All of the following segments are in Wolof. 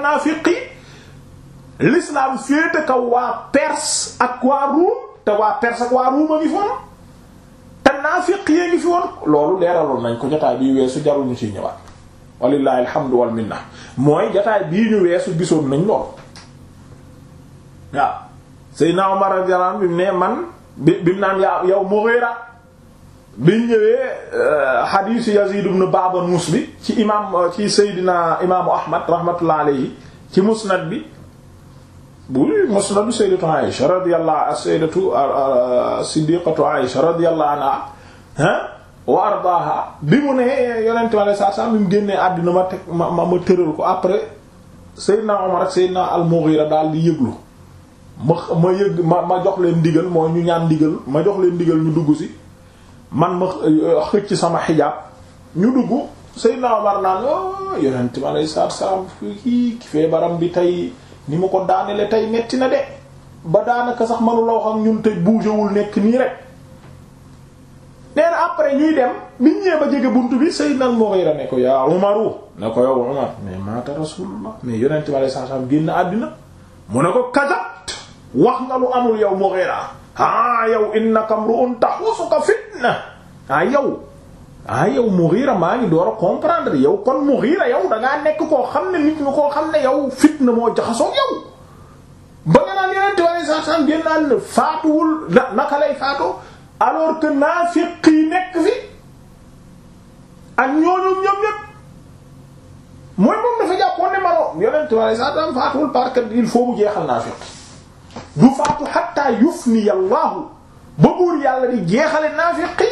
naafiq yi l'islam féete kaw waa Perse ak waa Ruum te waa Perse ak waa Ruum a ngi foon te naafiq yee ngi fi woon loolu leeraloon nañ ko jotaay bii weesu jarul ñu ñëwaat walillahi alhamdu wal mooy jotaay bii ñu weesu gisoon nañ lool waaw Seydina Omar radiyallahu anhu bi mu ne man bi bi mu naan yow Mughira biñ ñëwee euh, xadiisu Yazid ibn Babun mus bi ci imaam ci Seydina imaamu Ahmad rahmatullah alayhi ci musnad bi bu musnadu sayyidatu Aïsha radiyallahu sayyidatu euh, euh, siddiqatu Aïsha radiyallahu anha wa ardaaha bi mu ne yonente mi aleye sat selaam mu génnee àddina ma teg ma ma tëral ko après Seydina Omar ak Seydina al-Mughira daal di yëglu ma ma yëg ma ma jox leen ndigal mooy ñu ñaan ndigal ma jox leen ndigal ñu dugg si man ma xëcc sama xijaab ñu dugg Seydina Omar naan o oh, yonent mi aleyi salatuasalaam kii feebaram bi tey ni mu ko daanele tey metti na de ba daanaka sax manula wax ak ñun tey bougéwul nekk nii rek nee après ñuy dem biñ ñëwee ba jege bunt bi Seydina al-Mughira ne ko yaa Umaru ne ko yow Umar mais maata Rasulullah mais yonent mi aleyi salatuasalaam génn àddina mu ne ko kadat wax nga lu amul yow Mughira ah yow innaka mru'un tahusuka fitna ah yow ah yow Mughira maa ngi door a comprendre yow kon Mughira yow da nekk koo xam ne nit ñi koo xam ne yow fitna moo jaxasoo yow. ba nga naan yeneen tubaab yi sax sax faatuwul na naka lay faatoo alors que naafiq yi nekk fi ak ma loo yeneen tubaab yi jeexal naafiq du faatu xatta yufni ba buur yàlla di jeexale naafiqi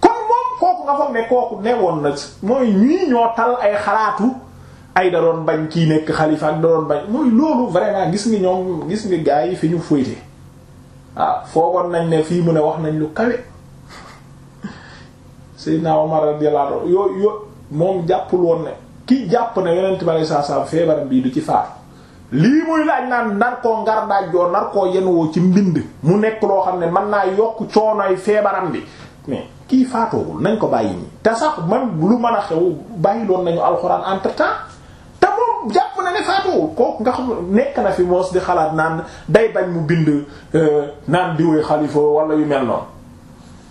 kon moom kooku nga foog ne kooku ne na mooy ñii ñoo ay xalaatu ay da doon bañ kii nekk xalifa ak da doon bañ mooy loolu vraiment gis nga ñoom gis nga gaa yi fi ñu fóyte waaw ah, foogoon nañ ne fii mu ne wax nañ lu kawe Seydina Omar radiyallahu anhu yo yo moom jàppul woon ne ki jàpp ne yonent bi sallallahu alayhi feebaram bii du ci faatu lii muy laaj naan nar koo ngar daaj joo nar koo yenwoo ci mbind mu nekk loo xam ne mën naa yokk coonoy feebaram bi mais kii faatoogul nañ ko bàyyi ñi te sax même lu mën a xew bàyyi doon nañu alxuraan entre temps te moom jàpp na ne faatoogul kooku nga xam nekk na fi moos di xalaat naan day bañ mu bind euh, naan diwee xalifa wala yu mel noonu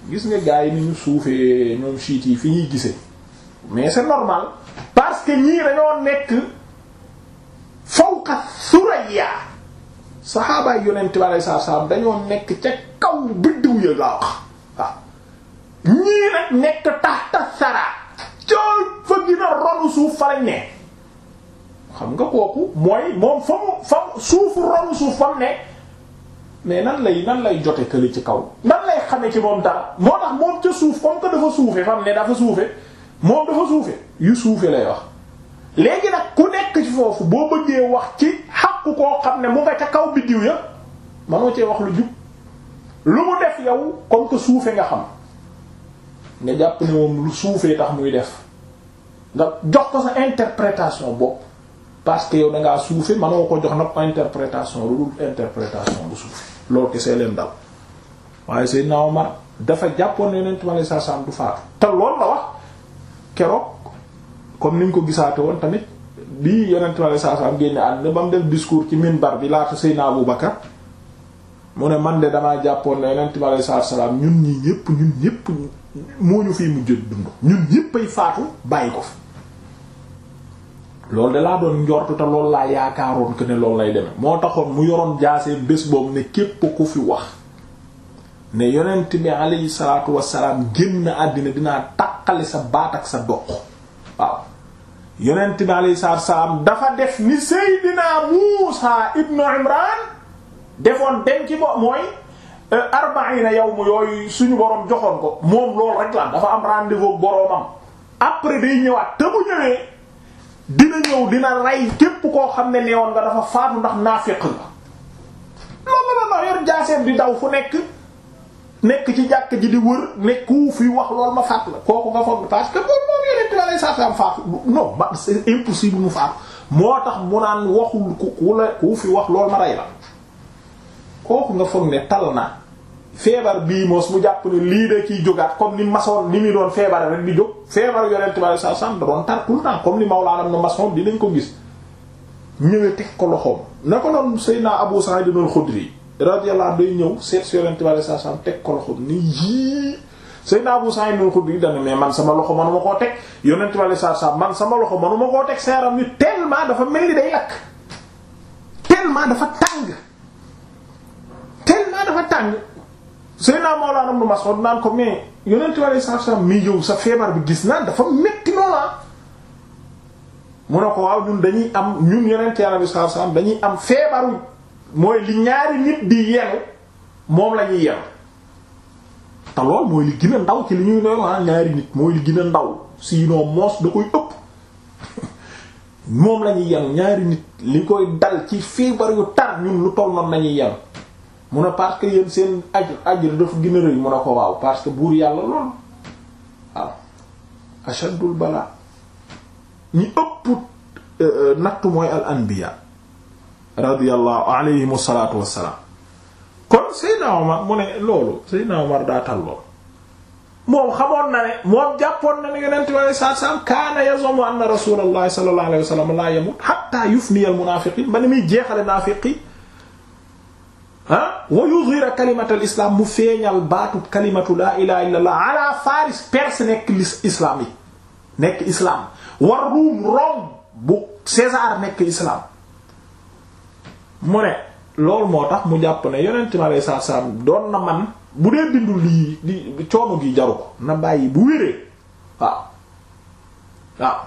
gis nga gars yi ni ñu suufee ñoom siit yi fi ñuy gisee mais c'est normal parce que ñii dañoo nekk fawqa suraya saxaabaay yonent bi alei saatu salaam dañoo nekk ca kaw biddiw ya laa wax waaw ñii nag nekk taxta sara cooy fa gën a ronu suuf fa lañ ne nga kooku mooy moom fa mu mais nan lay nan lay jote këli ci kaw nan lay xame ci moom dara moo tax moom ca suuf comme que dafa suufe fam ne dafa suufe moom dafa suufe yu suufe lay wax léegi nag ku nekk ci foofu boo bëggee wax ci xàqu koo xam ne mu nga ca kaw biddiw ya manoo cee wax lu jub lu mu def yow comme que suufee nga xam nga jàpp ne moom lu suufee tax muy def nga jox ko sa interprétation bopp parce que yow da ngaa suufe manoo ko jox nag interprétation lu dul interprétation bu suufe loolu kese leen dal waaye Seydina man dafa jàppoon ne nañ bi sallallahu alayhi wasallam du faatu te loolu la wax keroog comme niñ ko gisaate woon tamit bi yonent bi saa ci minbar bi laata Seydina Abu Bakar mu ne man de damaa jàppoon ne yonent ñun ñii ñëpp ñun ñëpp moo ñu fi ñun ñëpp ay faatu bàyyi ko de laa doon njortu te loolu laa yaakaaroon moo taxoon mu yoroon jaasee bés boobu ne képp ku fi wax ne yonent bi alayhi salaatu wassalaam génn àddina dinaa taqali sa baat ak sa doq. waaw yonent bi alayhi salaatu dafa def ni Seydina Muusa ibnu Imraan defoon dem ci bo mooy euh, arbaina yawm yooyu suñu borom joxoon ko moom loolu rek la dafa am rendez-vous boroomam après day ñëwaat te ñëwee dina ñëw dina rey képp koo xam ne neewoon nga dafa faatu ndax naafiq la. non non non yor jaaseen di daw fu nekk. nekk ci jàkk ji di wër nekku fi wax loolu ma faat la kooku nga foog parce que moom moom yeneen ti la moo tax mu naan waxul ku ku la ku fi wax loolu ma rey la kooku nga foog ne tal na feebar bii moos mu jàpp ne lii de ciy jógaat comme ni masoon ni mu doon feebar rek di jóg feebar yonent bi sallallahu alayhi wasallam da doon tar tout le temps comme ni Mawlaana na masoon dinañ ko gis ñëwee teg ko loxoom na ko doon Seydina Abu Sa'id al radiyallahu day ñëw seet si yonent bi saa saam teg ko loxo ni yii Seydina Abu Sa'id al-Khudri dana mais man sama loxo manuma koo teg yonent saa saam man sama loxo manuma koo teg seeram ni tellement dafa mel ni day lakk tellement dafa tàng tellement dafa tàng Seydina Mawlana Ibn Mas'ud naan ko mais yonent bi saa saam mi yow sa feebar bi gis naan dafa metti loola mu ne ko waaw ñun dañuy am ñun yonent Yàlla bi saa saam dañuy am feebaru mooy li ñaari nit di yenu moom la ñuy yenu te mooy li gën a ndaw ci li ñuy doon ah ñaari nit mooy ndaw sinon moos da koy ëpp moom la ñuy ñaari nit li koy dal ci feebar yu tar ñun lu toll noonu lañuy yenu mu ne parce que yéen seen ajr ajr dafa gën a rëy mu ne ko waaw parce que buur yàlla lool waaw ashadul bala ñi ëpp euh, euh, nattu mooy al anbiya radiyallahu alayhimu salaatu wassalaam kon Seydina Omar mu ne loolu Seydina Omar daa tal lool moom xamoon na ne moom jàppoon na ne yonent bi alayhi salaatu wassalaam kaana yazumu anna rasuulallahi sallallahu alayhi wa sallam laa yamut hatta yufniya al-munaafiqiin ba ni muy jeexale naafiqi ah wa yudhira kalimatal islam mu feeñal baatu kalimatu laa ilaha illa allah ala faris perse nekk islam yi nekk islam war ruum Rome bu César nekk islam mu ne loolu moo tax mu jàpp ne yonent mi aleyhi salaatu doon na man bu dee bindul lii coono gi jaru ko na bàyyi bu wéree waaw waaw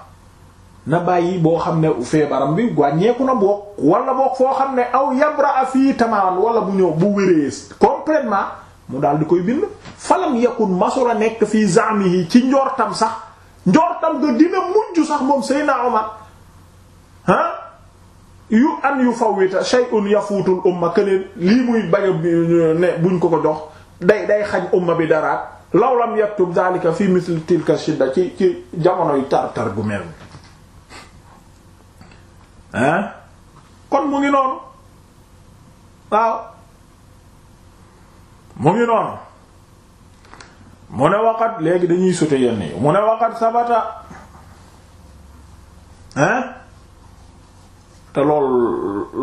na bàyyi boo xam ne feebaram bi wàññeeku na boog wala boog foo xam ne aw yabra fii tamaam wala bu ñëw bu wéree complètement mu daal di koy bind falam yakun masula nekk fii yi ci njortam sax njortam ga dina mujj sax moom Seydina Omar ah yu an yu fawwita shay'un yafuutul umma këneen lii muy bañ a ne buñ ko ko jox day day xañ umma bi daraat law lam yaktub daalika fi misl tilka shidda ci ci jamonoy tar-tar gu mel hein kon mu ngi noonu waaw mu ngi noonu mu ne waxat léegi dañuy sute yenn yi mu ne waxat sabata hein te loolu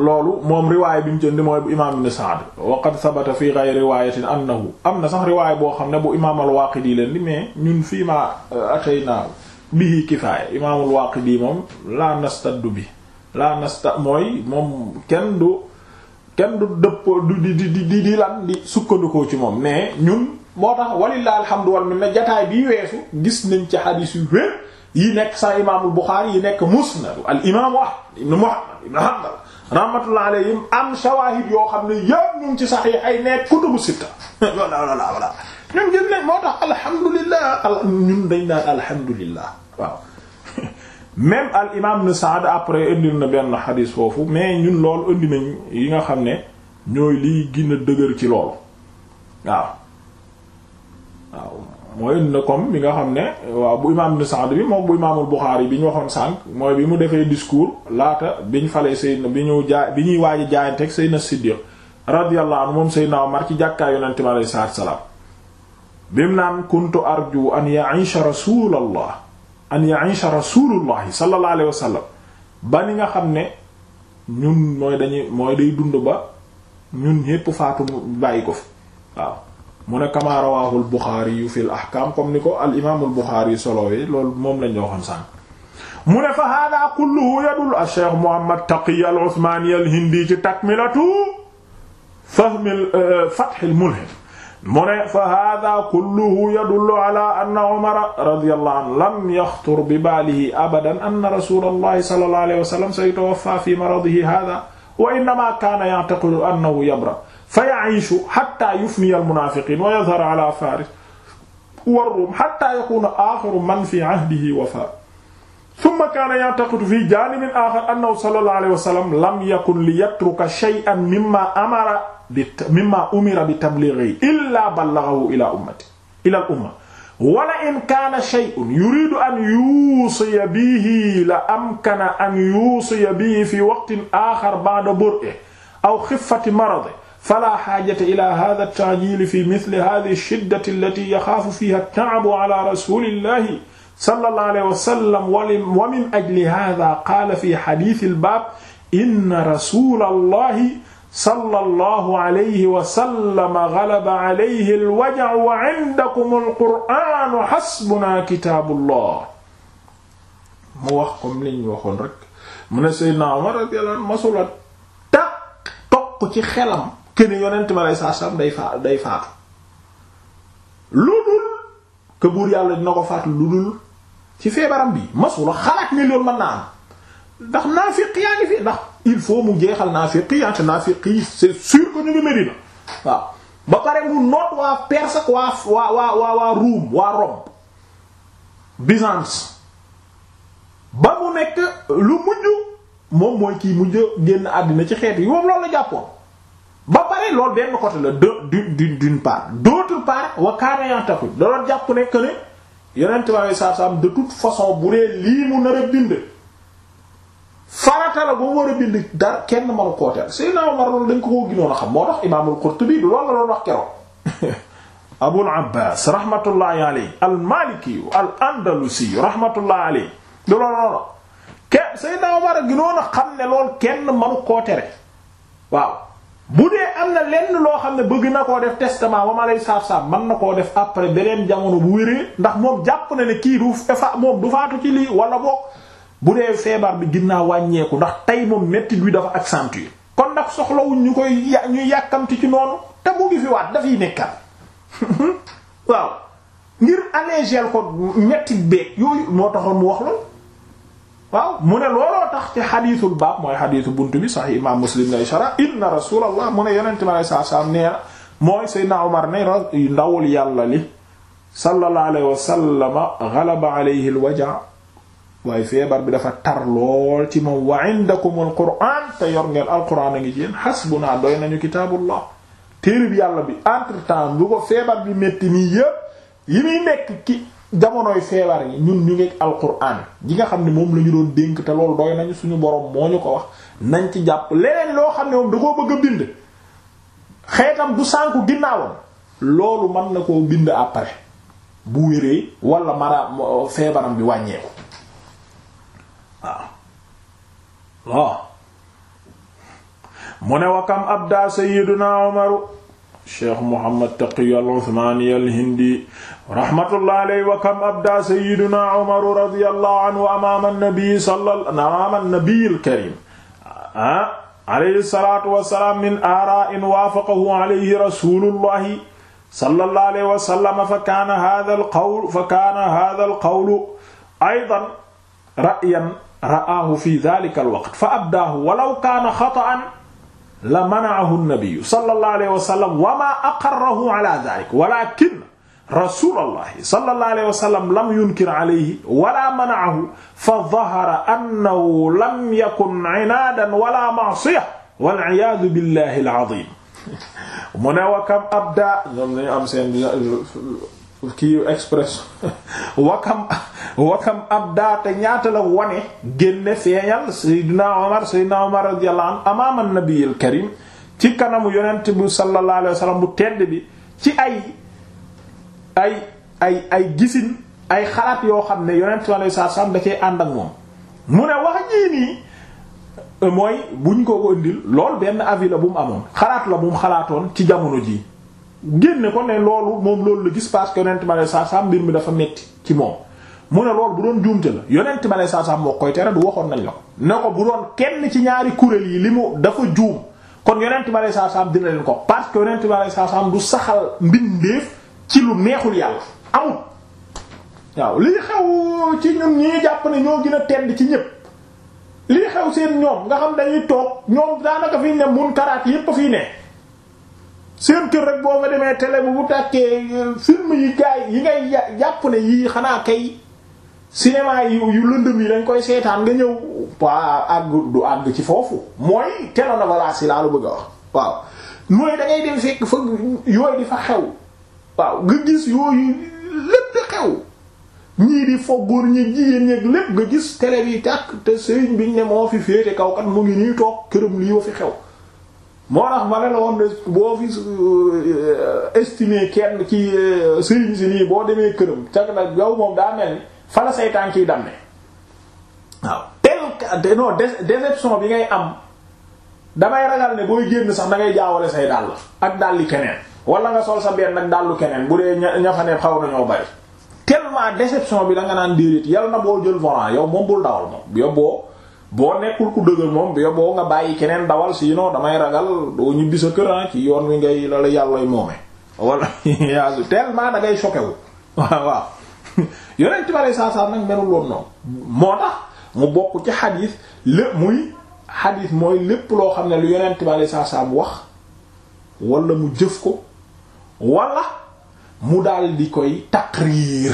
loolu moom riwaay bi ñu jënd mooy bu imaam ibn Sa'd wa qad sabata fi ghayri riwaayatin annahu am na sax riwaay boo xam ne bu imaam al-Waaqidi leen di mais ñun fii ma euh, ataynaa bihi kifaaya imaam al-Waaqidi moom laa nastaddu bi laa nasta mooy moom kenn du kenn du dëppoo du di di di di lan di sukkandikoo ci moom mais ñun moo tax walillahi alhamdu wal minna jataay bi weesu gis nañ ci xadiis yu wér yi nekk sa imaamu Buxaari yi nekk musnad al imaamu Ahmad Muhammad ibn Hanbal rahmatullahi alayhim am shawaahid yoo xam ne yëpp ñu ci saxiix ay nekk kutubu sitta wala wala wala ñun gis ne moo tax alhamdulillah ñun dañ alhamdulillah waaw même al imam ibn après indil na benn xadis foofu mais ñun lool indi nañ yi nga xam ne ñooy liy gën a dëgër ci loolu waaw waaw mooy na comme bi nga xam ne waaw bu imaam Ibn Sa'd bi moom bu imaamul Buxaari bi waxoon sànq mooy bi mu defee discours laata biñ falee Seydina bi ñu jaay bi ñuy waaj a jaayanteeg Seydina Siddiq radiyallahu anhu moom Seydina Omar ci jàkkaay Yonent bi alayhi salaatu salaam bim naan kuntu arju an ya'isha rasulallah an ya'isha rasulullahi sallallahu alayhi wa sallam ba ni nga xam ne ñun mooy dañuy mooy day dund ba ñun ñépp faatu bàyyi ko fi waaw. mu ne kamaa rawaahul Buxaari yu fil ahkaam comme ni ko al imaamul Buxaari yi solowee loolu moom lañ ñoo xam sànq mu ne fa hada kulluhu yadul al cheikh Muhammad Taqi al Usmaani al Hindi ci takmilatu fahmil euh, fathil mulhim mu ne fa hada kulluhu yadullu ala anna Umar radiyallahu anhu lam yaxtur bi baalihi abadan anna rasulallahi sallallahu alayhi wa sallam sayatawaffa fi maradihi hada wa innama kaana ya'taqidu annahu yabra fa ya'ishu hatta yufniya al-munaafiqiin wa yadhhar ala Faaris wa Ruum hatta yakuuna aaxiru man fi ahdihi wafaa thumma kaana ya'taqidu fi jaanibin aaxar annahu sallallahu alayhi wa sallam lam yakun liyatruka shay'an mimmaa amara bi mimmaa umira bi tabliighihi illaa ballaghahu ilaa ummatihi ilaa al-umma wala in kaana shay'un yuriidu an yuusiya bihi la amkana an yuusiya bihi fi waqtin aaxar ba'da bur'ihi aw xiffati maradihi fala xaajata ila hada ltaajili fi mithli hadihi lshiddati allati yaxaafu fiha taabu ala rasulillahi sallallahu alayhi wa sallam wa min ajli hada qaala fi xadiisi albaab inna rasulallahi sallallahu alayhi wa sallam galaba alayhi alwaja'u wa indakum alqur'aanu xasbunaa kitaabullah mu wax comme li ñu waxoon rek mu ne Seydina Umar radiyallahu anhu masula taq toq ci xelam kene yonent ma lay saasam day faatu day faatu lu dul que buur yàlla dina ko faatu lu dul ci feebaram bi masula xalaat ne loolu naa am ndax naafiq yaa ngi ndax il faut mu jeexal naafiq yi te naafiq yi c'est sûr que ñu ngi Medina waaw ba pare mu noot waa Perse ak waa waa waa waa waa Rome waa Rome Byzance ba mu nekk lu mujj moom mooy kii mujj génn àddina ci xeet yi moom loolu la jàppoon ba pare loolu benn côté la de d'une d'une part d'autre part wa kaana yantaxu da doon jàpp ne que ne yonent bi saa saam de toute façon bu dee lii mu nar a bind farata la ba mu war a bind dara kenn mënu koo teel Seydina Omar loolu dañ ko koo ginoon a xam moo tax Imaamul Qurtubi loolu la doon wax keroog. Abul Abbas rahmatullahi alayhi al Maliki al Andalusi rahmatullahi alayhi du loolu noonu ke Seydina Omar ginoon a xam ne loolu kenn mënu koo tere waaw. bu dee am na lenn loo xam ne bëgg na koo def testament ba ma lay saab-saab mën na koo def après beneen jamono bu wéree ndax moom jàpp na ne kii du fa moom du faatu ci lii wala boog bu dee feebar bi gën naa wàññeeku ndax tey moom méttit bi dafa accentué kon nag soxlawuñ ñu koy ñu yàkkamti ci noonu te mu ngi fi waat dafay nekkal waaw ngir alléger ko méttit beeg yooyu moo taxoon mu wax lool waaw mu ne looloo tax ci xadiisul baab mooy xadiisu bunt bi sax imaam muslim lay shara inna rasulallah mu ne yonente mi alei sat salaam nee na mooy seydna omar ne ndawul yàlla li sallallahu alayhi wasallama galaba alayhi alwaja waaye feebar bi dafa tar lool ci moom wa indakum al quran te yor ngeen al quran a ngi ci yéen xasbunaa doy nañu kitaabullah téerib yàlla bi entre temps feebar bi métti nii yépp yi muy nekk jamonoy feebar yi ñun ñu ngi alquran gi nga xam ne moom la ñu doon dénk te loolu doy nañu suñu borom moo ñu ko wax nañ ci jàpp leneen loo xam ne moom da koo bëgg a bind xeetam bu sànku ginnaawam loolu mën na koo bind après bu wéree walla mara feebaram bi wàññeeku waaw waaw mu ne wa kam abda sayyiduna Umaru cheikh Muhammad Taqi al-Uthmani al-Hindi rahmatullah alayhi wa kam abda sayyiduna Umar radiyallahu anhu amaama an-nabi sallallahu amaama an-nabi al-karim ah alayhi salatu wasalaam min aara'in waafaqahu alayhi rasulullahi sallallahu alayhi wa sallam fa kaana hadha al-qawl fa kaana hadha al-qawlu aydan ra'yan ra'aahu fi dhalika al-waqt fa abdaahu wa law kaana khata'an la manaahu nabiyu sallallahu alayhi wa sallam wa ma aqarrahu ala dhalik walakin rasulullahi sallallahu alayhi wa sallam lam yunkir alayhi wala manaahu fa dhahara annahu lam yakun inaadan wala ma'siyatan wal iyaadhu billahi al-'azim mu ne wa kam abda ñoom dañu am seen kii express wakam wakam ab daate ñaata la wane génne feeñal seydina omar seydina omar radiyallahu anhu amaama nabiyil karim ci kanamu yonent bi sallallahu alayhi wasallam tedd bi ci ay ay ay ay gisin ay xalaat yoo xam ne yonent bi alayhi da cee ànd ak moom mu ne wax jii nii mooy buñ ko ko indil lool benn avis bu mu amoon xalaat la bu xalaatoon ci jamono jii génne ko ne loolu moom loolu la gis parce que yonent ma saa saa mbir mi dafa metti ci moom mu ne loolu bu doon juumte la yonent ma saa saa moo koy tere du waxoon nañ la ko ne ko bu doon kenn ci ñaari kuréel yi li mu dafa juum kon yonent ma saa saa dina leen ko parce que yonent ma saa saa du saxal mbindeef ci lu neexul yàlla amul. waaw lii xew ci ñun ñii jàpp ne ñoo gën a tedd ci ñépp lii xew seen ñoom nga xam dañuy toog ñoom daanaka fi ne mun a fiy ne. seen kër rek boo nga demee tele bu bu tàkkee euh, film yi gaay yi ngay jàpp ne yii xanaa kay cinéma yi yu lëndëm yi dañ koy seetaan nga ñëw pa àgg du àgg ci foofu mooy télénovela si laa lu bëgg a wax waaw mooy da ngay dem fekk fa yooyu di fa xew waaw nga gis yooyu lépp di xew ñii di foggóor ñi jigéen ñeeg lépp nga gis télé bi tàkk te sëriñ biñ ne moo fi féete kaw kat mu ngi nii toog këram lii wa fi xew moo tax ma ne la woon ne boo fi euh, estimé kenn ci euh, sëriñ si nii boo demee këram cag nag yow moom daa mel ni fala say kii dam damme waaw de non déception bi ngay am damay ragal ne booy génn sax na ngay jaawale say dàll ak dàlli keneen wala nga sol sa benn nag dàllu keneen bu dee ña fa xaw nañoo bari tellement déception bi da naan déedéet yàlla na boo jël volant yow moom bul dawal moom yow boo nekkul ku dëgër moom bi boo nga bàyyi keneen dawal sinon damay ragal doo ñibbi sa kër ah, ci yoon wi ngay la la yàllay moome wala yaasu tellement da ngay choqué wu waaw waaw yonent bi alei nag melul noonu moo tax mu bokk ci xadis lépp muy xadis mooy lépp loo xam ne lu yonent bi alei saa salaam wax wala mu jëf ko wala mu daal di koy taqriir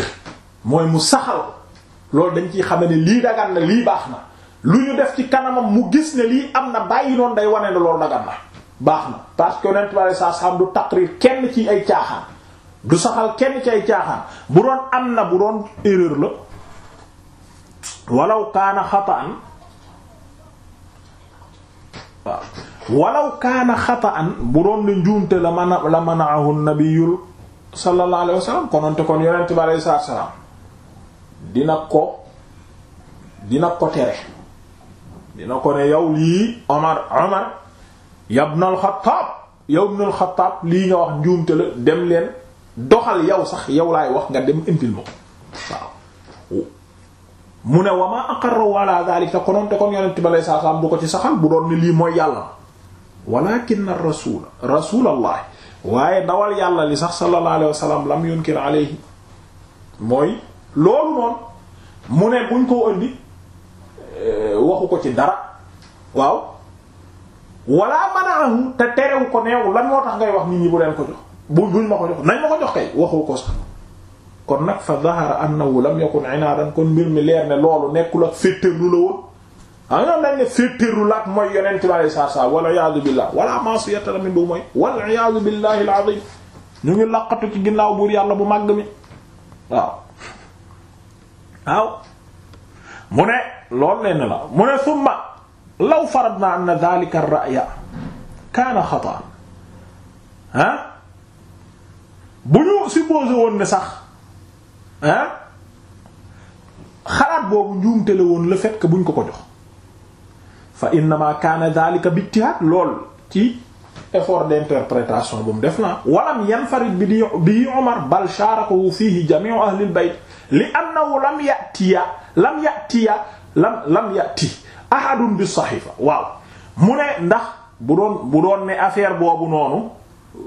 mooy mu saxal loolu dañ ciy xam ne lii dagan na lii baax na lu ñu def ci kanamam mu gis ne lii am na bàyyi noonu day wane ne loolu dagan na baax na parce que yonent bi alei sat salaam du taqrir kenn ci ay caaxaan du saxal kenn ci ay caaxaan bu doon am na bu doon erreur la walaw kaana xataan waaw kaana xataan bu doon ne njuumte la man la manaahu nabiyul sallallahu alayhi wa sallam konoonte kon yonent bi alei salaam dina ko dina ko tere dina ko ne yow lii Omar Omar yabnal Xattaab yow ibnul Xattaab lii nga wax njuumte la dem leen doxal yow sax yow laay wax nga dem indil ma ko waaw mu ne wa ma aqarra wala daalika kononte kon yonent bi alayhi salaam bu ko ci saxal bu doon ne lii mooy yàlla walakin rasula rasulallah waaye dawal yàlla li sax sallallahu alayhi wa sallam lam yunkir alayhi mooy loolu noonu mu ne buñ ko indi Euh, waxu ko ci dara waaw wala manaahu te terewu ko neew lañ moo tax ngay wax nit ñi bu leen ko jox bu buñ ma ko jox nañ ma ko jox kay waxu ko sax kon nag fa zahara annahu lam yakun inaadan kon mbir mi leer ne loolu nekkul ak féetéerlu la woon am ah, ñoom lañ ne féetéerlu la ak mooy ci bi alei sat salaam wala iyasu billah wala maasiyata min bu mooy wal iyasu billahi al azim ñu ngi laqatu ci ginnaaw buur yàlla bu màgg mi waaw waaw mu ne loolu lenn la mu ne summa law faradna anna dhalika ar-ra'ya kaana xataa ah bu ñu supposé woon ne sax ah xalaat boobu njuumtale woon la fekk que buñ ko ko jox fa innama kaana dhalika bi ijtihad lool ci effort d'interprétation bu mu def naa walam yanfarid bi di bii Umar bal sharakahu fihi jami'u ahli al-bayt li annahu lam ya'tiya lam yatiya lam lam yati ahadun bi saxifa waaw mu ne ndax bu doon bu doon ne affaire boobu noonu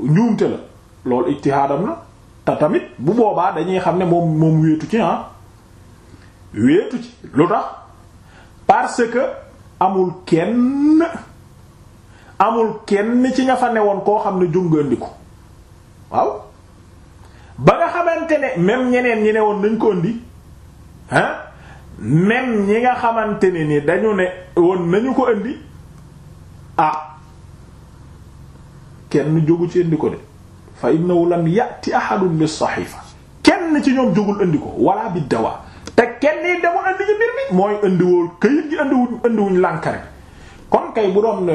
njuumte la loolu ijtihaadam la te tamit bu boobaa dañuy xam ne moom moom wéetu ci ah wéetu ci lu tax parce que amul kenn amul kenn ci ña fa newoon koo xam ne jungandiku waaw ba nga xamante ne même ñeneen ñi ne woon nañ ko indi ah même ñi nga xamante ne ni dañu ne woon nañu ko indi ah kenn jógu ci indi ko de fa innahu lam yati ahadun bis sahifa kenn ci ñoom jógul indi ko wala bi dawa te kenn demul indi ci mbir mi mooy indiwul këyit gi indiwuñ indiwuñ lànkare kon kay bu doon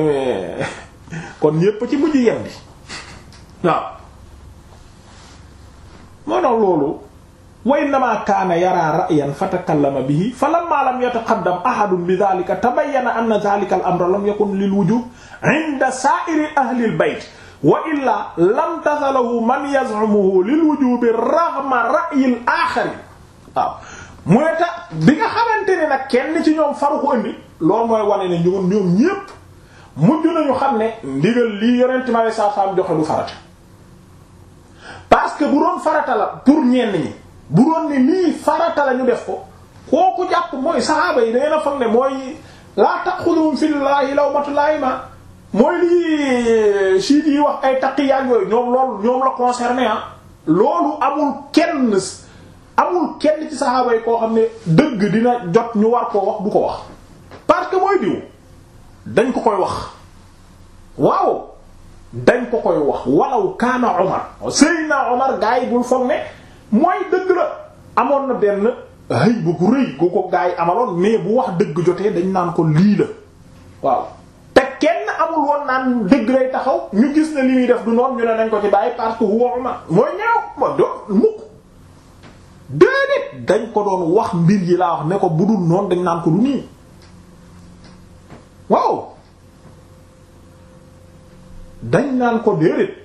kon yépp ci mujj yem bi waaw moo tax loolu wa innama kaana yara ra'yan fatakallama bihi fa lamma lam yataqaddam ahadun bi dhalika tabayyana anna dhalika al amra lam yakun lil wujub 'inda sa'iri ahli al bayt wa illa lam tasalahu man yaz'umuhu lil wujub raghma ra'yi al akhar waaw mu ne ta bi nga xamante ne nag kenn ci ñoom faru ko indi loolu mooy wane ne ñoom ñoom ñépp mujj nañu xam ne ndigal lii yonent ma sallallahu alayhi wasallam joxe du farata parce que bu doon farata la pour ñenn ñi bu doon ne lii farata la ñu def ko kooku jàpp mooy saxaaba yi dangeen a foog ne mooy laa taxuluhum fillaahi lawmatu laahima mooy lii siit yi wax ay taqiyaat yooyu ñoom loolu ñoom la concerné ah. loolu amul kenn amul kenn ci saxaaba yi koo xam ne dëgg dina jot ñu war koo wax du ko wax parce que mooy diw dañ ko koy wax waaw dañ ko koy wax walaw kaana Omar Seydina Omar gaa yi ne mooy dëgg la amoon na benn hëy bu ko rëy ku ko gaa amaloon mais bu wax dëgg jotee dañ naan ko lii la waaw te kenn amul woon naan dëgg lay taxaw ñu gis ne li muy def du noonu ñu ne nañ ko ci bàyyi parce que wooma mooy ñaaw ma doon mukk déedéet dañ ko doon wax mbir yi laa wax ne ko bu dul noonu dañ naan ko lu nii waaw dañ naan ko déedéet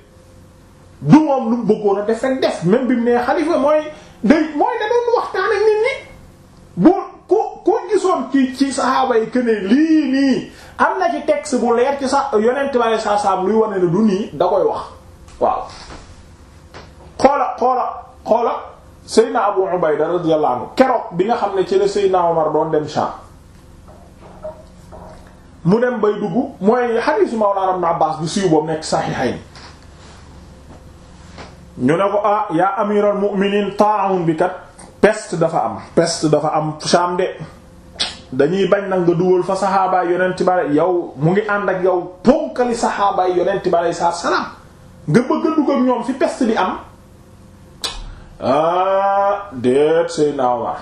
du moom lu mu bëggoon a def rek def bi mu nee xalifa mooy day mooy da doon waxtaan ak nit ñi boo ko ko gisoon ci ci saxaaba yi que ne lii nii am na ci texte bu leer ci sa yonent bale saa saam luy wane ne du nii da koy wax waaw xoola xoola xoola Seydina Abu Ubayda radiyallahu anhu keroog bi nga xam ne ci la Seydina Omar doon dem Sham mu dem bay dugg mooy hadiisu Mawlaana Ibn Abbaas bu siiw boobu nekk saxiixayn ñu ne ko ah yaa amiral mu'minin ta'un bi kat pest dafa am pest dafa am Sham de dañuy bañ nag nga duwal fa saxaabaay yonent bare yow mu ngi ànd ak yow ponkali saxaabaay yonent bare saa salaam nga bëgg a dugg ñoom fi peste bi am ah déet Seydina Omar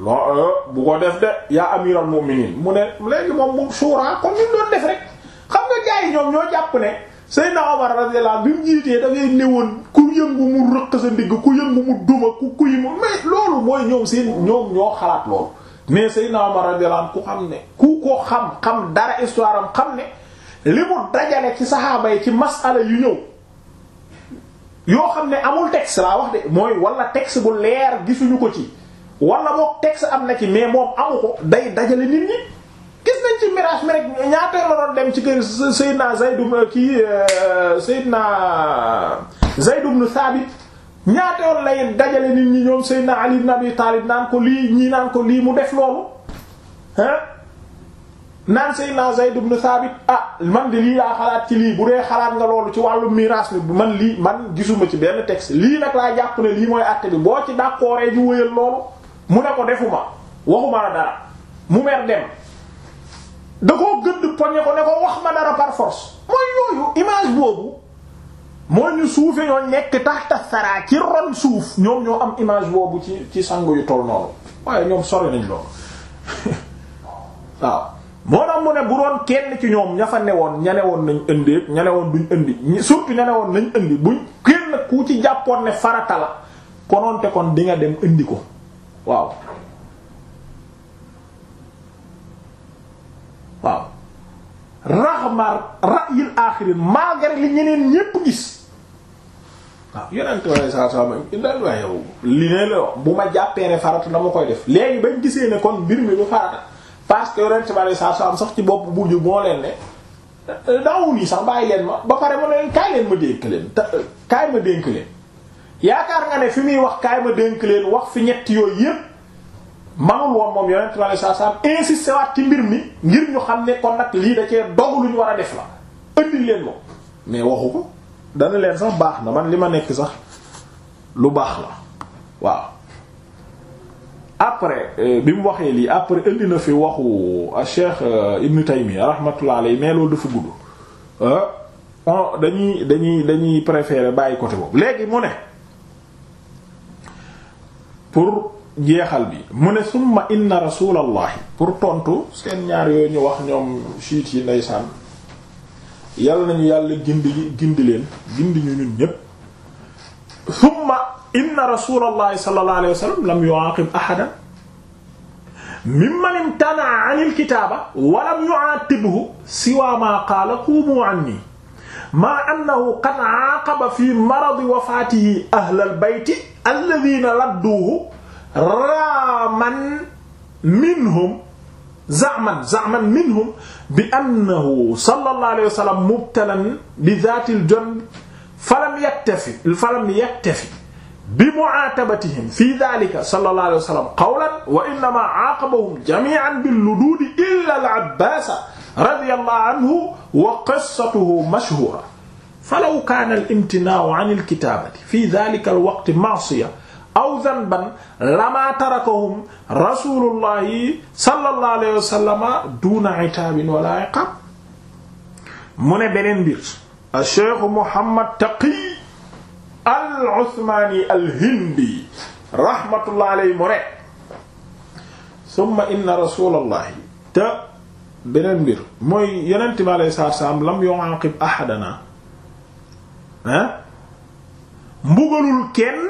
eh, bu ko def de yaa amiral mu'minin mu ne léegi moom mu suuraa comme ni doon def rek xam nga gaa ñoom ñoo jàpp ne Seydina Omar radiyallahu bi mu jiitee dafay newoon ku yëngu mu rëq sa ndigg ku yëngu mu duma ku kuy mu mais loolu mooy ñoom seen ñoom ñoo xalaat loolu mais Seydina Omar radiyallahu ku xam ne ku ko xam xam dara histoire xam ne li mu dajale ci saxaaba yi ci masala yu ñëw yoo xam ne amul texte laa wax de mooy wala texte bu leer gisuñu ko ci wala boog texte am na ci mais moom amu ko day dajale nit ñi gis nañ ci miraas mi rek ñaata la doon dem ci kër Seydina Zayd kii euh, Seydina Zayd ibn Thabit ñaata yoon lay dajale nit ñi ñoom Seydina Ali ibn Abi Talib naan ko lii ñii naan ko lii mu def loolu ah naan Seydina Zayd ibn Thabit ah man de lii laa xalaat ci lii bu dee xalaat nga loolu ci wàllu miraas mi man lii man gisuma ci benn texte lii nag laa jàpp ne lii mooy acte bi boo ci d'accord ñu wëyal loolu mu ne ko defuma waxuma la dara mu mer dem. da koo gën poñe ko ne ko wax ma dara par force mooy yooyu image boobu mooy ñu suufe ñoo nekk taxta saraa ci ron suuf ñoom ñoo am image boobu ci ci sangu yu toll noonu waaye ñoom sori nañ loolu waaw moo tax mu ne bu doon kenn ci ñoom ña fa woon ña newoon nañ indi ña newoon duñ indi surtout ña woon nañ indi buñ kenn ku ci jàppoon ne farata la kononte kon di nga dem indi ko waaw waaw raxmar ra'yil aaxirin malgré li ñeneen ñépp gis waaw yonent waaye saa saa ma daal waaye yow li ne la bu ma jàppee ne farata ma koy def léegi bañ gisee ne kon mbir mi bu farata parce que yonent waaye saa saa am sax ci bopp bu ju moo leen ne daawul yi sax bàyyi leen ma ba pare ma ne leen kaay leen ma dénk leen kaay ma dénk leen yaakaar nga ne fi muy wax kaay ma dénk leen wax fi ñetti yooyu yépp manul woon moom yonent sallallahu alayhi wasallam insisté waat ci mbir mi ngir ñu xam ne kon nag lii da cee dogu lu ñu war a def la ëndil leen moom mais waxu ko dana leen sax baax na man li ma nekk sax lu baax la waaw après euh, bi mu waxee lii après indi na fi waxu euh, Cheikh euh, Ibn Taymiyya rahmatullah alayhi mais loolu dafa gudd on dañuy dañuy dañuy préférer bàyyi côté boobu léegi mu ne pour jeexal bi mu ne summa inna rasulallahi pour tontu seen ñaar yooyu ñu wax ñoom chiit yi ndeysaan yàlla nañu yàlla gindi gindi leen gindi ñu ñun ñépp summa inna rasulallahi sallallahu alayhi wa sallam lam yu'aqib ahadan mimman imtana'a 'anil kitaaba wa lam yu'aaqibhu siwa ma qaala qumu 'anni maa annahu qad aaqaba fi maradi wafaatihi ahlal bayti alladhiina ladduuhu raaman minhum za'man za'man minhum bi annahu sallallahu alayhi wa sallam mubtalan bi dhaatil jund falam yaktafi falam yaktafi bi mu'aatabatihim fi dhaalika sallallahu alayhi wa sallam qawlan wa innamaa 'aaqabahum jamii'an bil luduudi illaa al-'abbaas radiyallahu anhu wa qissatuhu mashhuura falaw kaana al-imtinaa'u 'an al-kitaabati fi dhaalika al-waqti ma'siyatan aw zanban lama tarakahum rasulullahi sallallahu alayhi wa sallama duna itaabin wala iqaab mu ne beneen mbir a cheikh Muhammad Taqi al Usmaani al Hindi rahmatullah alayhi mu ne summa inna rasulallahi te beneen mbir mooy yonent bi alayhi salaatu salaam lam yu'aqib ahadana ah mbugalul kenn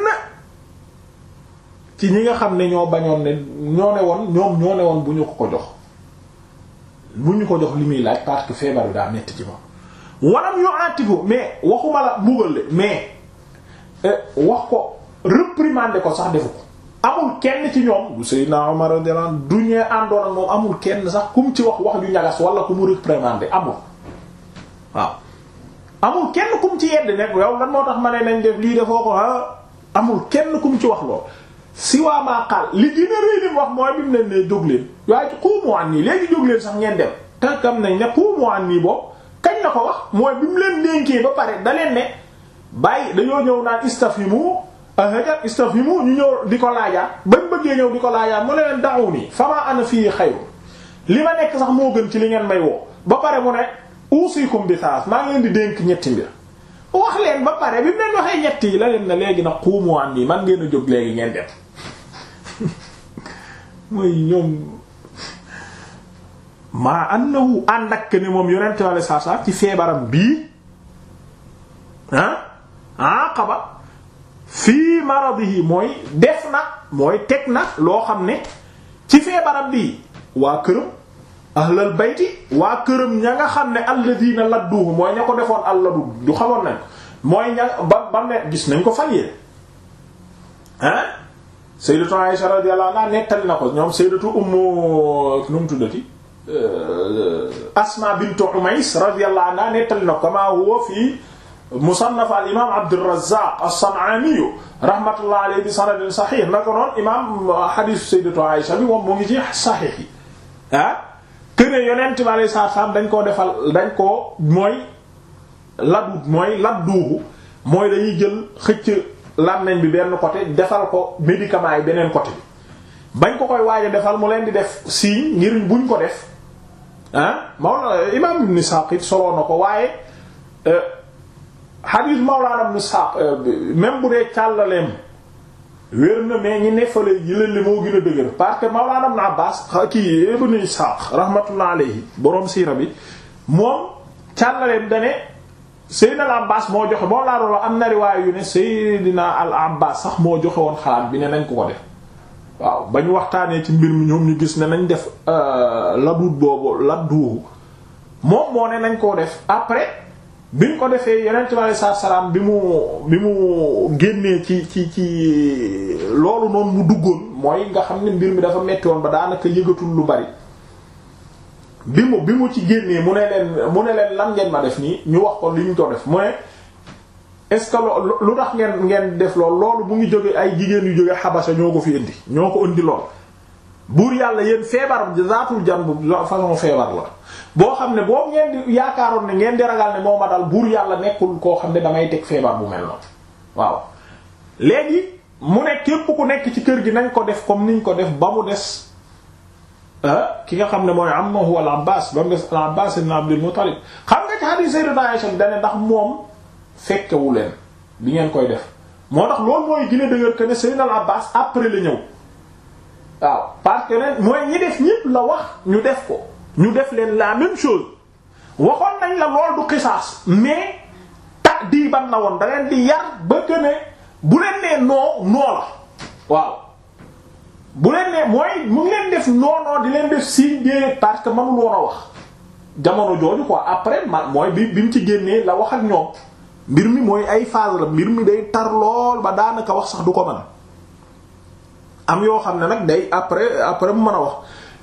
ci ñi nga xam ne ñoo bañoon ne ñoo ne woon ñoom ñoo ne woon bu ñu ko ko jox bu ñu ko jox li muy laaj parce que feebar bi daa metti ci moom waram ñoo antibo mais waxuma la mbugal le mais euh, wax ko réprimander ko sax defu ko amul kenn ci ñoom bu Seydina Omar radiyallahu anhu du ñee àndoon ak moom amul kenn sax ku mu ci wax wax ju ñagas wala ku mu réprimander amul waaw amul kenn ku mu ci yedd nekk yow lan moo tax ma ne nañ def lii foo ko ah, amul kenn ku mu ci wax lool si waa maa xaal li gën a réy lim wax mooy bi mu leen ne jóg leen waaye xuumu an nii léegi jóg leen sax ngeen dem te xam nañ ne xuumu an nii boobu kañ na ko wax mooy bi mu leen dénkee ba pare da leen ne bàyyi dañoo ñëw naan istafimu ahajar istafimu ñu ñëw di ko laajaat bañ bëggee ñëw di ko laajaat mu ne leen daaw nii famaa ana fii xayru li ma nekk sax moo gën ci li ngeen may woo ba pare mu ne uusikum bi saas maa ngi di dénk ñetti mbir wax leen ba pare bi mu leen waxee yi la leen na léegi nag xuumu an nii man ngeen a jóg léegi ngeen dem mooy ñoom maa annahu ànd ak ne moom yonent walla saa saa ci feebaram bii ah aqaba fii maradihi mooy def na mooy teg na loo xam ne ci feebaram bii waa këram ahlal bayti waa këram ña nga xam ne alladina ladduhu mooy ña ko defoon alladu du xamoon nañ mooy ña ba ba ne gis nañ ko fan yee ah sayyidatu Aisha radiyallahu anha nettali na ko ñoom sayyidatu ummu nu mu tuddati euh, Asma bintu Umays radiyallahu nettali na ko kama huwa fi musannaf al imaam Abdurrazzaq as-San'aani rahmatullahi alayhi bi sanadin sahih naka noonu imaam hadiis sayyidatu Aisha bi moom mu ngi ci sahih yi ah këne bi alayhi salaam dañ koo defal dañ ko mooy laddu mooy ladduuhu mooy dañuy jël xëcc. làmmiñ bi benn côté defal ko médicament yi beneen côté bi bañ ko koy waaja defal mu leen di def signe ngir buñ ko def ah Maodo Imaam Ibn it soloon na ko waaye euh, hadith Mawlaana Ibn Sa'd euh, même bu dee càllaleem wér na mais ñi nefale yi leen li moo gën a dëgër parce que Mawlaana Ibn Abbaas kii Ibn Sa'd rahmatullah alayhi boroom siira bi moom càllaleem da Seydina al Abbas moo joxe moo laa doon wax am na riwaay ne Seydina al Abbas sax moo joxe woon xalaat bi ne nañ ko ko def waaw ba ñu waxtaanee ci mbir mi ñoom ñu gis ne nañ def euh, laduut boobu laduuhu moom moo ne nañ koo def après biñ ko defee yonent bi alayhi salaatu bi mu bi mu génnee ci ci ci loolu noonu mu duggoon mooy nga xam ne mbir mi dafa metti woon ba daanaka yëgatul lu bari bi mu bi mu ci génnee mu ne leen mu ne leen lan ngeen ma def nii ñu wax ko li ñu ko def mu ne est-ce que lu tax ngeen ngeen def lool loolu mu ngi jóge ay jigéen yu jóge xabasa ñoo ko fi indi ñoo ko indi lool buur yàlla yéen feebar zaatul jan bu façon feebar la boo xam ne boo ngeen di yaakaaroon ne ngeen di ragal ne moom ma dal buur yàlla nekkul koo xam ne damay teg feebar bu mel noonu waaw léegi mu ne képp ku nekk ci kër gi nañ ko def comme niñ ko def ba mu des Ah, ki nga xam ne mooy ammahu al Abbaas ba mu des al Abbaas ibn Abdul Muttalib xam nga ci hadiis Sayyidina Aysa bi dane ndax moom fekkewu leen bi ngeen koy def moo tax loolu mooy gën a dëgër que ne Sayyidina al Abbaas après la ñëw waaw parce que ren mooy ñi def ñépp la wax ñu def ko ñu def leen la même chose waxoon nañ la lool du xisaas mais ta diiban na woon da leen di yar ba que ne bu leen nee noo noo la waaw. bu leen ne mooy mu ngi leen def noonoo di leen def signe de parce que mënul woon a wax jamono jooju ko après man mooy bi bi mu ci génnee la wax ak ñoom mbir mi mooy ay phase la mbir mi day tar lool ba daanaka wax sax du ko man am yoo xam ne nag day après après mu mën a wax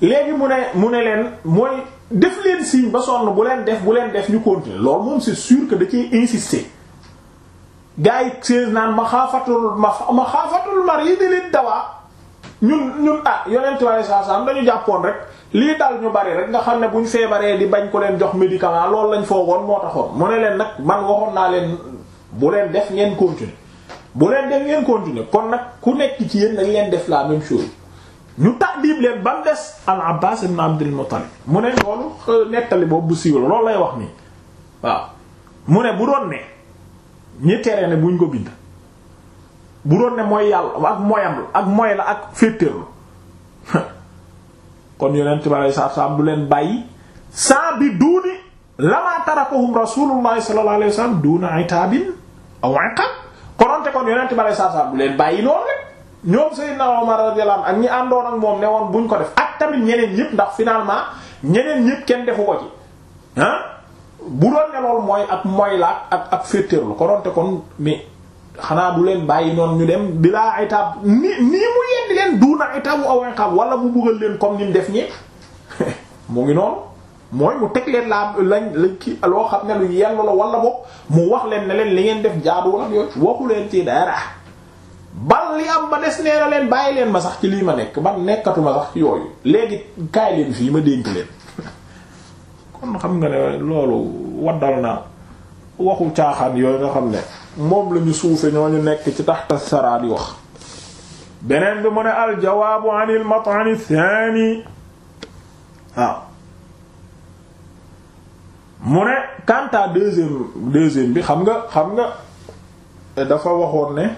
léegi mu ne mu ne leen mooy def leen signe ba sonn bu leen def bu leen def ñu continuer loolu moom c'est sûr que da ciy insister gars yi seen naan ma xaafatul ma xaafatul mari yi di leen dawaa. ñun ñun ah yonent wala saa saa dañu jàppoon rek lii dal ñu bari rek nga xam ne buñ feebaree di bañ ko leen jox médicament loolu lañ foogoon moo taxoon mu ne leen nag man waxoon naa leen bu leen def ngeen continuer bu leen def ngeen continuer kon nag ku nekk ci yéen dañ leen def la même chose ñu tàddiib leen ba des al Abbas ibn Abdul Muttalib mu ne loolu euh, nettali boobu bu siiw loolu lay wax nii waaw mu ne bu doon ne ñi tere ne buñ ko bind. bu doon ne mooy yàlla ak moyam la ak moy la ak féetéerlu kon yonent bi alei satu salaam du leen bàyyi saa bi duuni lama tarakahum rasulullahi sallallahu alayhi wa sallam duuna itaabin aw iqab koronte kon yonent bi alei satu salaam du leen bàyyi loolu rek ñoom Seydina Omar radiyallahu anhu ak ñi àndoon ak moom ne woon buñ ko def ak tamit ñeneen ñëpp ndax finalement ñeneen ñëpp kenn defu ko ci ah bu doon ne loolu mooy ak moy la ak ak féetéerlu koronte kon xanaa du leen bàyyi noonu ñu dem bilaa itab ni nii mu yeddi leen duuna itabu aw xam wala mu buggal leen comme ni mu def ñee mu ngi noonu mooy mu teg leen laa lañ lañ ki loo xam ne lu yellu la wala boog mu wax leen ne leen li ngeen def jaaduwul ak yooyu waxu leen ci dara bal li am ba des nee na leen bàyyi leen ma sax ci lii ma nekk man nekkatuma sax ci yooyu léegi kaay leen fii ma dénk leen kon xam nga ne loolu waddal naa waxu caaxaan yooyu nga xam ne moom la ñu suufe ñooñu nekk ci taxta saraa di wax beneen bi mu ne aljawaabu an il matani thani mu ne quant deuxième deuxième bi xam nga xam nga dafa waxoon ne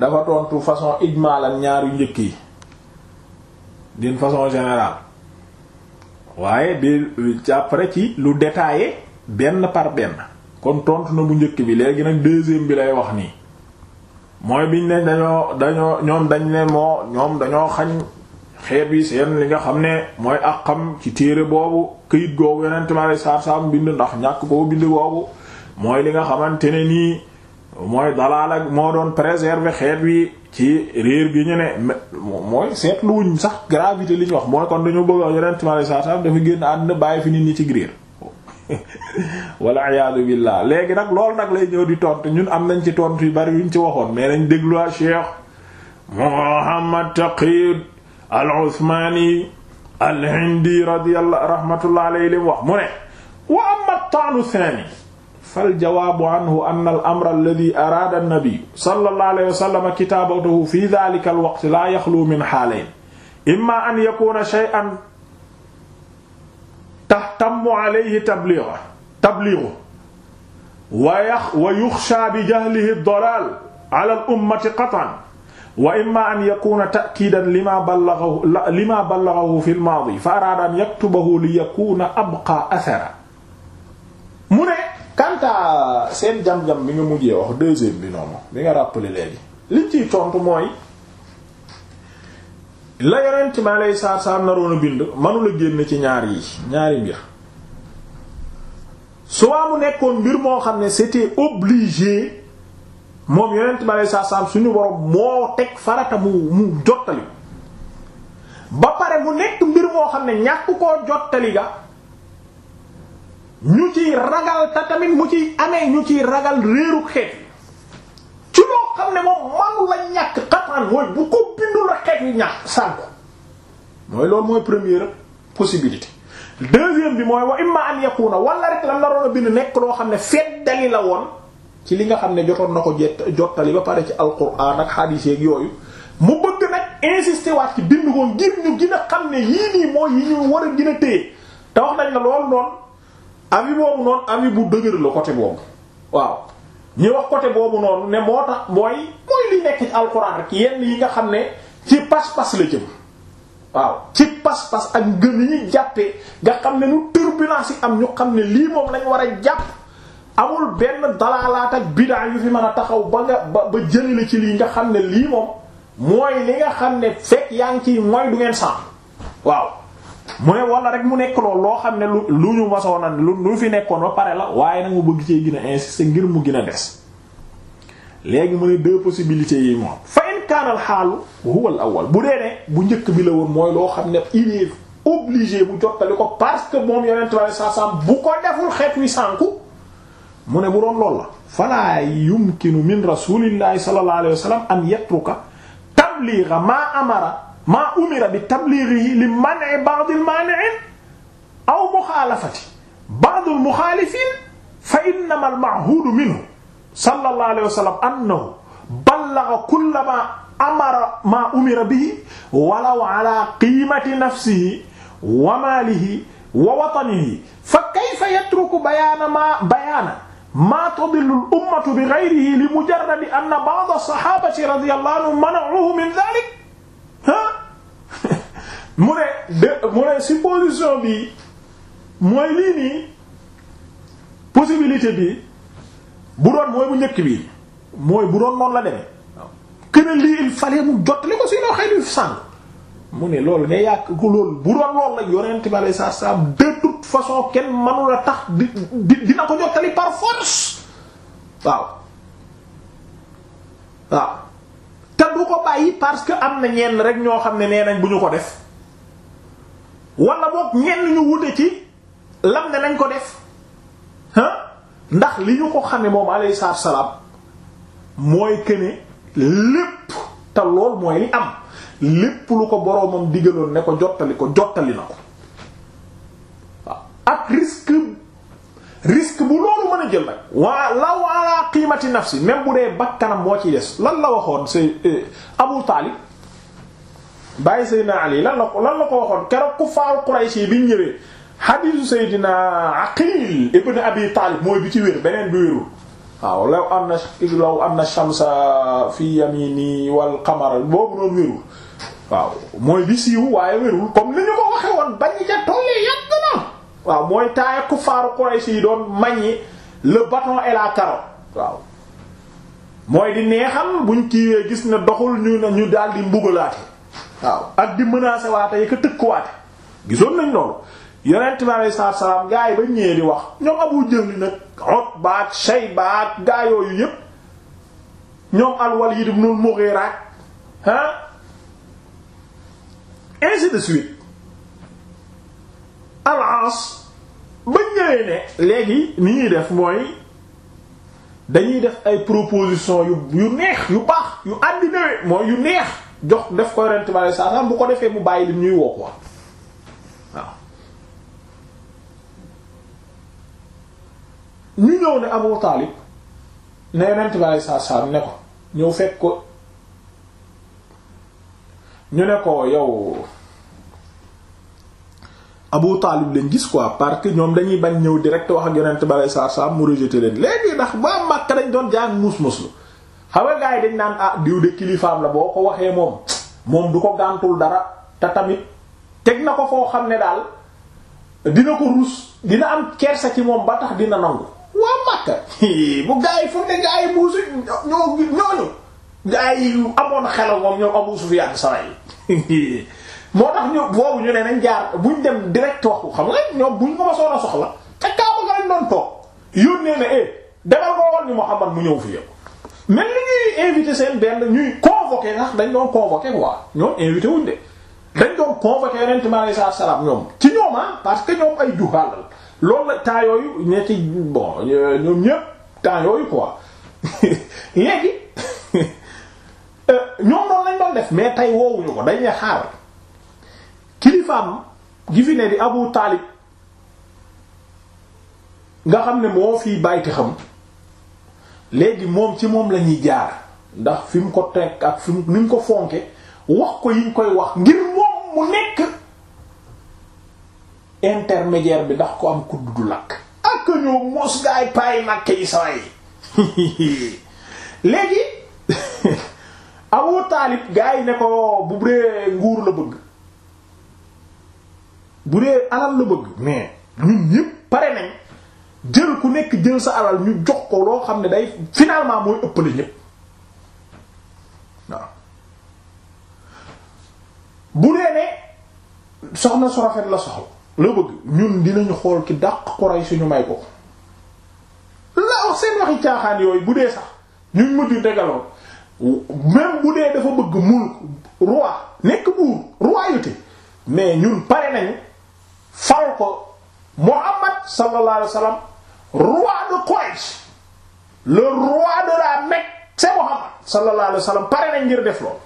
dafa tontu façon ijmaalan ñaari njëkk yi d'une façon générale waaye bi après ci lu détaillé benn par benn kon tontu na bu njëkk bi léegi nag deuxième bi lay wax nii mooy biñ ne dañoo dañoo ñoom dañ ne moo ñoom dañoo xañ xeet bi seen li nga xam ne mooy xam ci téere boobu këyit googu yeneen tamit saar saam bind ndax ñàkk ko bind boobu mooy li nga xamante ne nii mooy dalaal ak moo doon préserver xeet wi ci réer gi ñu ne mooy seetluwuñ sax gravité li ñu wax mooy kon dañoo bëgg yeneen tamit saar saam dafa génn àdduna bàyyi fi nit ñi ci réer wala ayaadu billah léegi nag loolu nag lay ñëw di tontu ñun am nañ ci tontu yu bari yuñ ci waxoon mais nañ déglu a Cheikh Muhammad Taqi al-Usmani al-Hindi radiyallahu rahmatullahi alayhi li mu wax mu ne wa amma at-ta'nu thani fal jawaabu anhu anna al-amra alladhi araada an-nabi sallallahu alayhi wa sallam kitaabatahu fi dhalika al-waqt la yakhlu min haalayn imma an yakuna shay'an tahtammu alayhi tabliga tabligu wa yax wa yuxsha bi jahlihi ad-dalal ala al-ummati qat'an wa imma an yakuna ta'kidan lima ballaghahu lima ballaghahu fi al-maadi fa araada an yaktubahu li yakuna abqa athara mu ne kanta seen jam-jam bi nga mujjee wax deuxième bi noonu bi nga rappelé léegi liñ ciy tontu mooy la yonent ma lay saar saar naroon a bind manula génn ci ñaar yi ñaari mbir soit mu nekkoon mbir moo xam ne c'était obligé moom yonent ma lay saar saar suñu borom moo teg farata mu mu jottali ba pare mu nekk mbir moo xam ne ñàkk koo jottali ga ñu ciy ragal te tamit mu ciy amee ñu ciy ragal réeru xeet ci loo xam ne moom manu ñàkk safaan mooy bu ko bindul la xeet wi ñax mooy loolu mooy première possibilité deuxième bi mooy wa imma an yakuna wala rek lan la doon a bind nekk loo xam ne feddali la woon ci li nga xam ne jotoon na ko jot jottali ba pare ci alquran ak hadith yeeg yooyu mu bëgg nag insister waat ci bind ko ngir ñu gën a xam ne yii nii mooy yi ñu war a gën a téye te wax nañ na loolu noonu avis boobu am avis bu dëgër la côté boobu waaw. ñu wax côté boobu noonu ne moo tax mooy mooy li nekk ci alxuraan rek yenn yi nga xam ne ci pas-pas la jëm waaw ci pas-pas ak ngëm yi ñuy jàppee nga xam ne nu turbulence yi am ñu xam ne lii moom lañ war a jàpp amul benn dalaalaat ak bidaa yu fi mën a taxaw ba nga ba jëli la ci lii nga xam ne lii moom mooy li nga xam ne fekk yaa ngi ciy mooy du ngeen sàmm waaw mu ne wala rek mu nekk lool loo xam ne lu lu ñu masoon a lu lu fi nekkoon ba pare la waaye nag mu bëgg cee gën a ngir mu gën a léegi mu ne deux possibilité yi moom fa in xaalu huwa al bu dee ne bu njëkk bi la woon mooy loo xam ne il est obligé bu jottali ko parce que moom yeneen travail sa sam bu ko deful xeet wi sànku mu ne bu doon lool la fala yumkinu min rasulillahi sallallahu alayhi wa sallam an yatruka tabligha ma amara maa umira bi tablighihi li man'i ba'd al-mani'in aw muxaalafati ba'd al-muxaalifiin fa innama al-ma'huud minhu sallallahu alayhi wa sallam annahu ballagha kulla maa amara maa umira bihi walaw ala qiimati nafsihi wa maalihi wa watanihi fa kayfa yatruku bayaana maa bayaana maa tadillu al-ummatu bi ghayrihi li mujarradi anna ba'da as-sahaabati radiyallahu anhum mana'uuhu min dhaalika mu ne de mu ne supposition bi mooy lii nii possibilité bi bu doon mooy bu njëkk bi mooy bu doon noonu la demee këna lii il fallait mu jot li ko si noo xëy na sànq mu ne loolu nga yàq ko loolu bu doon loolu la yonent bi alei saatu salaam de toute façon kenn mënula tax di dina ko jottali par force waaw waaw du ko bàyyi parce que am na ñenn rek ñoo xam ne nee nañ bu ñu ko def wala boog ñenn ñu wute ci lam ne nañ ko def ndax li ñu ko xam ne moom alayhi salaatu salaam mooy këne lépp te lool mooy li am lépp lu ko boroomam digaloon ne ko jottali ko jottali na ko ak risque risque bu loolu mën a jël nag waa law ala qiimati nafsi même bu dee bakkanam moo ci des lan la waxoon se eh, Abu Taalib bàyyi Seydina Ali lan la ko lan la ko waxoon keroog kuffaaru Quraysh yi biñ ñëwee hadiisu Seydina Aqil ibn Abi Taalib mooy bi ci wér beneen bi wérul waaw law am na law am na shamsa fi yamini wal qamara boobu noonu wérul waaw mooy bi siiw waaye wérul comme ni ñu ko waxe woon bañ ca tollee yàgg waaw mooy taaya kuffaaru Quraysh yi doon mañi le bâton et la carotte waaw mooy di neexal buñ kiiwee gis na doxul ñu ne ñu daal di mbugalaate waaw ak di menacer waate yi ko tëkkuwaate gisoon nañ loolu yonent bi alei salaatu salaam gaa ba ñëwee di wax ñoom Abu Jahl nag Utba ak Shayba ak gaa yooyu yépp ñoom al-Walid ibn al-Mughira ah ainsi de suite al-Aas ba ñëwee ne léegi ni ñuy def mooy dañuy def ay proposition yu yu neex yu baax yu àddinawe mooy yu neex jox def ko yonent bi sallallahu alayhi wasallam ko defee mu bàyyi lim ñuy woo quoi waaw ñu ñëw ne Abu Taalib ne yonent bi sallallahu alayhi wasallam ne ko ñëw fekk ko ñu ne ko yow Abu Taalib lañ gis quoi parce que ñoom dañuy bañ ñëw direct wax ak yonent balay saa saa mu rejeté leen léegi ndax ba Makka dañ doon jaan muus-muus lu xam nga gars yi dañ naan ah diw de kilifaam la boo ko waxee moom moom du ko gàntul dara te tamit teg na ko foo xam ne daal dina ko ruus dina am kersa ci moom ba tax dina nangu waa Makka bu gars yi fu ne gars yi muusi ñoo ñooñu gars yi amoon xelo moom ñoom Abu Sufyaan saray moo tax ñu boobu ñu ne nañ jaar buñ dem direct waxu xam nga ñoom buñ ko masoon a soxla te kaaba nga lañ doon toog yónnee na eh demal ko woon ni Muhammad mu ñëw fi yow. mel ni ñuy invité seen benn ñuy convoqué ndax dañ doon convoqué quoi invité wuñ de dañ doon convoqué yonent mi salaam ñoom ci ñoom ah parce que ñoom ay juhaal loolu la temps yooyu ñee ci bon ñoom ñépp temps yooyu quoi léegi euh, ñoom noonu lañ doon def mais tey woowuñu ko dañ ne xaaral. kilifaam gi fi ne di Abu Taalib nga xam ne moo fi bàyti xam léegi moom ci moom lañuy jaar ndax fi ko teg ak fi mu ko fonke wax ko yiñ koy wax ngir moom mu nekk intermédiaire bi ndax ko am kudd du lakk ak ñoo mos gaay payi makke yi saway léegi Abu Taalib gaay ne ko bu bree nguur la bëgg bu dee alal la bëgg mais ñun ñépp pare nañ jël ku nekk jël sa alal ñu jox ko loo xam ne day finalement mooy ëppale ñépp bu dee ne soxna su rafet la soxla la bëgg ñun dinañu xool ki dàq koray suñu may ko la wax seen waxi caaxaan yooyu bu dee sax ñun mujj degaloon même bu dee dafa bëgg mulk roi nekk buur royauté mais ñun pare nañu fal ko Muhammad sallallahu alayhi wa sallam roi de Quraish le roi de Muhammad sallallahu alayhi wa pare nañ ngir def loolu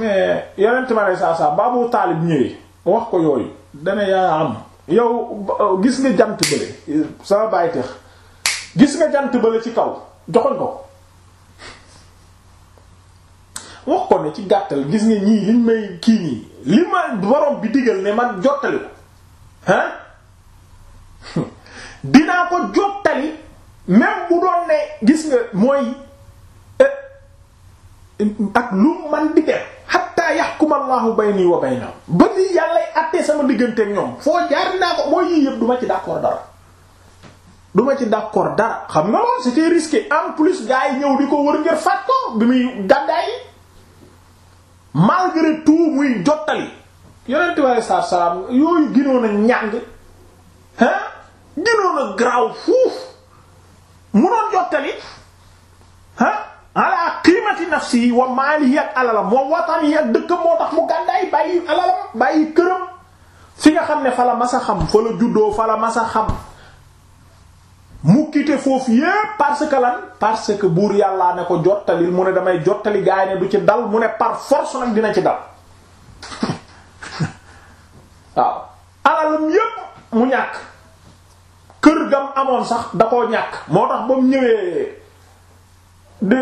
mais yonent ma saa saa ba Abu Taalib ñëwee wax ko yooyu dana yaa am yow gis nga jant bële sama bàyyi teex gis nga jant bële ci kaw joxoñ ko wax ko ne ci gàttal gis nga ñii liñ may kii nii li ma borom bi digal ne man jottali ko ah dinaa ko jottali même bu doon ne gis nga mooy eh, ak lu man di def hatta yahkuma Allahu bayni wa baynahum ba ni yàllay àttee sama digganteek ñoom foo jaar naa ko mooy yii yëpp duma ci d'accord dara duma ci d'accord dara xam nga loolu c'était risqué en plus gars yi ñëw di ko wër ngir fat bi muy gàddaay malgré tout muy jottali yonent yooyu ginoon a ñàng hein ginoon a garaaw fuuf munoon jottali hein ala qiimati nafsi wa maalihi ak alalam wa watani ak dëkkam moo tax mu gàndaay bàyyi alalam bàyyi këram fi nga xam ne fa la masa xam fa la juddoo fa la masa xam quitté foofu yépp parce que lan parce que buur yàllaa ne ko jottalil mu ne damay jottali gaay ne du ci dal mu ne par force nag dina ci dal waaw alalam yépp mu ñàkk kër gam amoon sax da koo ñàkk moo tax ba mu ñëwee di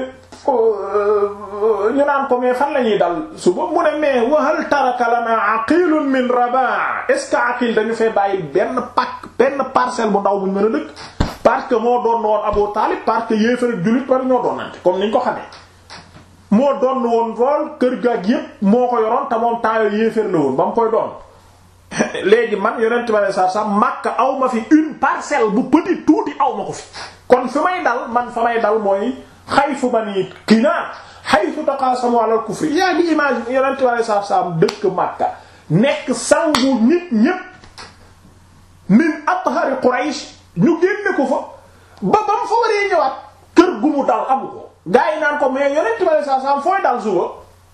euh, ñu naan ko mais fan la ñuy dal suba mu ne mais wahal taraka lana aqilun min rabaa est aqil dañu fee bàyyi benn pak benn parcelle bu ndaw bu ñu mën a dëkk parce que moo doon woon Abu Taalib parce que yéefar jullit par ñoo doonante comme niñ ko xamee moo doon woon lool kër gaaj yépp moo ko yoroon te moom temps yooyu la woon ba mu koy doon léegi man yonent ma ne sax sax Makka ma fi une parcelle bu petit tuuti aw ma ko fi kon fi may dal man fa may dal mooy xayfu Bani Kinaana haythu taqaasamu ala al-kufri yaa ngi imagine yonent ma ne sax dëkk Makka nekk sangu nit ñépp min athari Quraysh ñu génne ko fa ba ba mu fa waree ñëwaat kër gu mu dal amu ko gaa yi naan ko mais yonent bi sallallahu alayhi wasallam fooy dal suba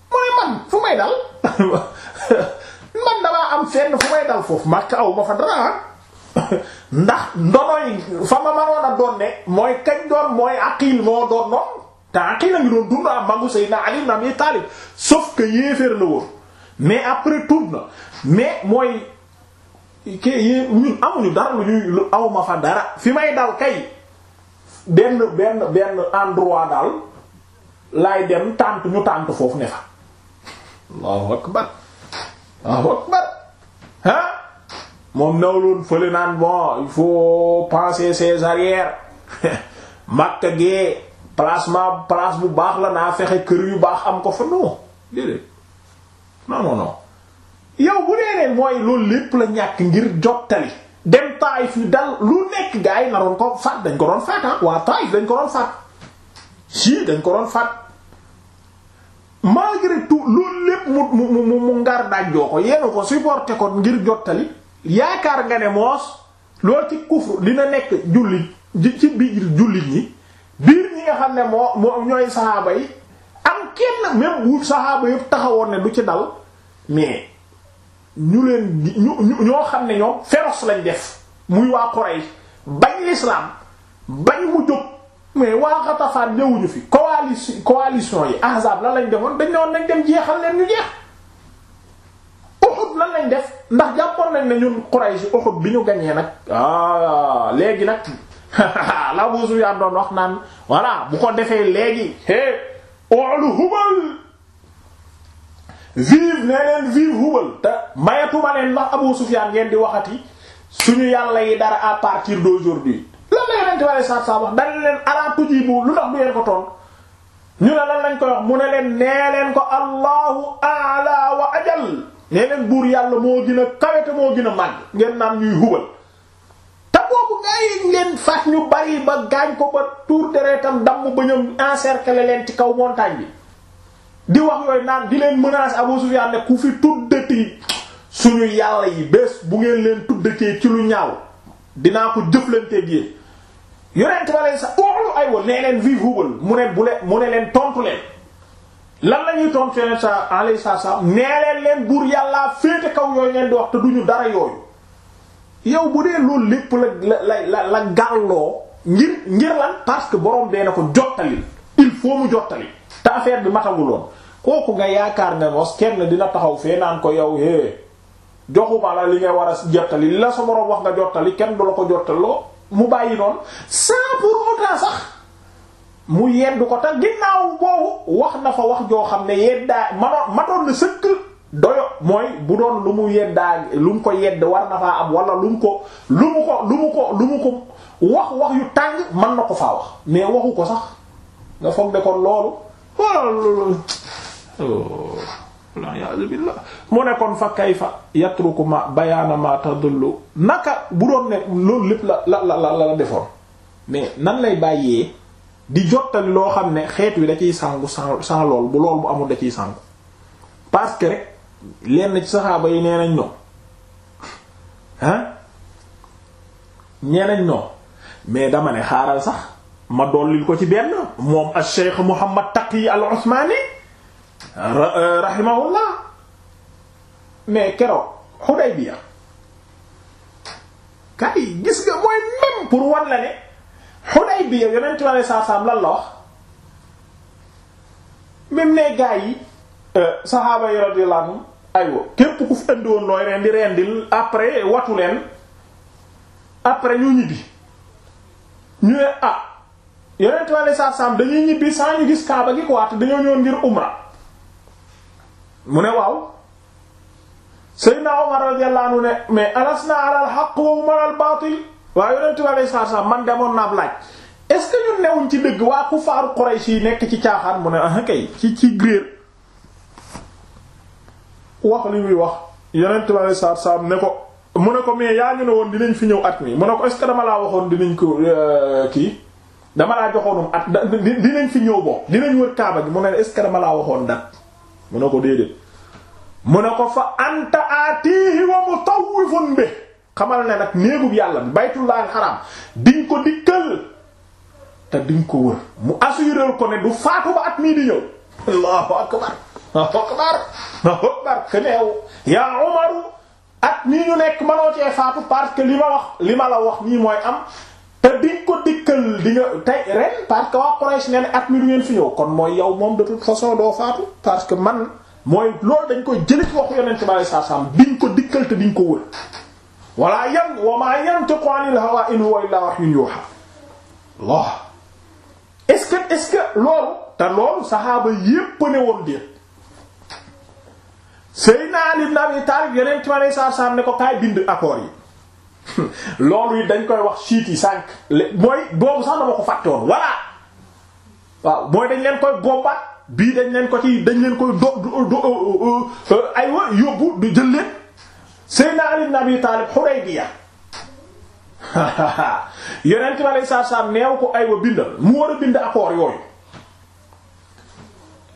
mu ne man fu may dal man damaa am fenn fu may dal foofu Makka aw ma fa dara ndax ndonoy fa ma manoon a doon ne mooy kañ doon mooy Aqil moo doon te Aqil a ngi doon dund am magu Seydina Ali ibn Abi Talib sauf que yéeféer la woon mais après tourne mais mooy kii ñun amuñu dara lu ñuy lu aw fa dara fi may dal kay benn benn benn endroit daal laay dem tànt ñu tànt foofu ne fa allahu akbar allahu akbar ah moom nawloon fële naan bon il faut penser ses arrières gee placement place bu baax la naa fexe kër yu baax am ko fa non déedéet non non mooy loolu lépp la ñàkk ngir jottali dem Taayif ñu dal lu nekk gaa yi naroon ko faat dañ ko doon faat ah waa Taayif dañ ko doon faat si dañ ko doon faat malgré tout loolu lépp mu mu mu mu ngar dajjoo ko yeenu ko supporté ko ngir jottali yaakaar nga ne moos loolu ci kufru dina nekk jullit ci biir jullit ñi biir ñi xam ne moo moo ñooy saxaaba yi am kenn même wut saxaaba yëpp taxawoon ne du ci dal mais ñu leen ñu ñoo xam ne ñoom féroce lañ def muy waa Quraysh bañ l'islam bañ mu jóg mais waa Xatafaan ñëwuñu fi coalition coalition yi ahzab lan lañ defoon dañ ne woon nañ dem jeexal leen ñu jeex Uhud lan lañ def ndax jàppoon nañ ne ñun Quraysh Uhud bi ñu gañee nag ah léegi nag la Abu Sufyaan wax naan voilà bu ko defee léegi é oolu hubal vive nee leen vive Hubal te mayatuma leen ndax Abu Sufyan ngeen di waxati suñu yàlla yi dara à partir d'aujourd'hui lan la yonent bi sallallahu alayhi wasallam wax dana leen ala tujibu lu tax du ngeen ko tontu ñu ne lan lañ koy wax mu ne leen nee leen ko allahu ala wa ajal nee leen buur yàlla moo gën a moo gën a ngeen naan ñuy Hubal te boobu ngay leen faat ñu bari ba gaañ ko ba tuur deretam damm bëñam encercler leen ci kaw montagne bi di wax yooyu naan di leen menacer Abu Sufyaan ne ku fi tuddati suñu yàlla yi bés bu ngeen leen tuddatee ci lu ñaaw dinaa ko jëflanteeg yéen yonent mu bu leen mu ne leen tontu leen la ñuy tontu yonent sa alayhi salaam nee leen leen buur yàllaa kaw yooyu ngeen di wax te duñu dara yooyu yow bu dee loolu lépp la la la la gàlloo ngir ngir lan parce que borom dee na ko jottali il faut mu jottali. te affaire bi mataguloon kooku nga yaakaar ne mos kenn dina taxaw fee naan ko yow é joxuma la li nga war a jottali li la sa borom wax nga jottali kenn du la ko jottaloo mu bàyyi noonu sans pour autant ko te ginnaaw boobu wax na fa wax joo xam ne yeddaa manoon matoon na sëkk doyo mooy bu doon lu mu yeddaa lu mu ko yedd war na faa am wala lu mu ko lu mu ko lu mu ko lu mu wax wax yu tàng mën na ko faa wax mais waxu ko sax nga foog de kon loolu xoolal loolu billah mu ne kon fa kayfa yatruku ma bayaana ma tadullu naka bu doon ne loolu lépp la la la la defoon mais nan lay bàyyee di jottali loo xam ne xeet wi da ciy sangu sans sans bu lool bu amul da ciy sangu parce rek lenn ci saxaaba yi nee nañ non ah nee nañ non mais dama ne xaaral sax. ma dollil ko ci benn moom al Cheikh Muhammad Taqi al Usmani euh, rahimahullah mais keroog Hudaybiya kay gis nga mooy même pour wan la ne Hudaybiya yonent bi alayhi salaam lan la wax même ne gaa yi euh, saxaaba yi radiyallahu aywa képp ku fi indi woon looy rendi rendil après watu leen après ñu ñibbi ñu ne ah yeneen ci wàllu dañuy ñibbi saa ñu gis kaaba gi quoi te dañoo ñëw ngir umra mu ne waaw. Seydina Umar radiyallahu anhu ne mais alasna ala al-haqq wa hum ala al-batil waaye yeneen ci man demoon naab laaj est ñun newuñ ci dëgg waa kufaaru Quraysh yi nekk ci caaxaan mu ne ah kay ci ci gréer wax li muy wax yeneen ci wàllu saabsaab ne ko mu ne ko mais yaa ñu ne woon dinañ fi ñëw at mi mu ne ko est dama laa waxoon dinañ ko euh, kii. dama laa joxoonum at dinañ fi ñëw bokk dinañ wër kaaba gi mu ne est ce mu ne ko déedéet mu ne ko fa anta aatihi wa mutawwifun bi xamal ne nag bu yàlla bi baytullahi xaraam diñ ko dikkal te diñ ko wër mu assurél ko ne du faatu ba at mii di ñëw allahu akbar allahu akbar akbar xeneew yaa umaru at mii ñu nekk manoo cee faatu parce que li ma wax li ma la wax nii mooy am te diñ ko dikkal di nga tey ren parce que waa Quraysh ne at mi du ngeen fi ñëw kon mooy yow moom da toute façon doo faatu parce que man mooy loolu dañ ko jëli ci waxu yonent bi saa saam diñ ko dikkal te diñ ko wër wala yan wa maa yantiqu anil hawaa in a illaa wahyun yuuhaa Allah est-ce que est-ce que loolu te loolu saxaaba yépp ne woon déet Seydina Ali ibn Abi Taalib yonent bi saa saam ne ko kaay bind accord yi loolu yi dañ koy wax siit yi sànq mooy boobu sax dama ko fàtte woon voilà waaw mooy dañ leen koy bombaat bii dañ leen ko ci dañ leen koy do do aywa yóbbu du jël leen Seydina Ali ibn Abi Talib Hudaybiya yonent bi alayhi salaatu salaam neew ko aywa bindal mu war a bind accord yooyu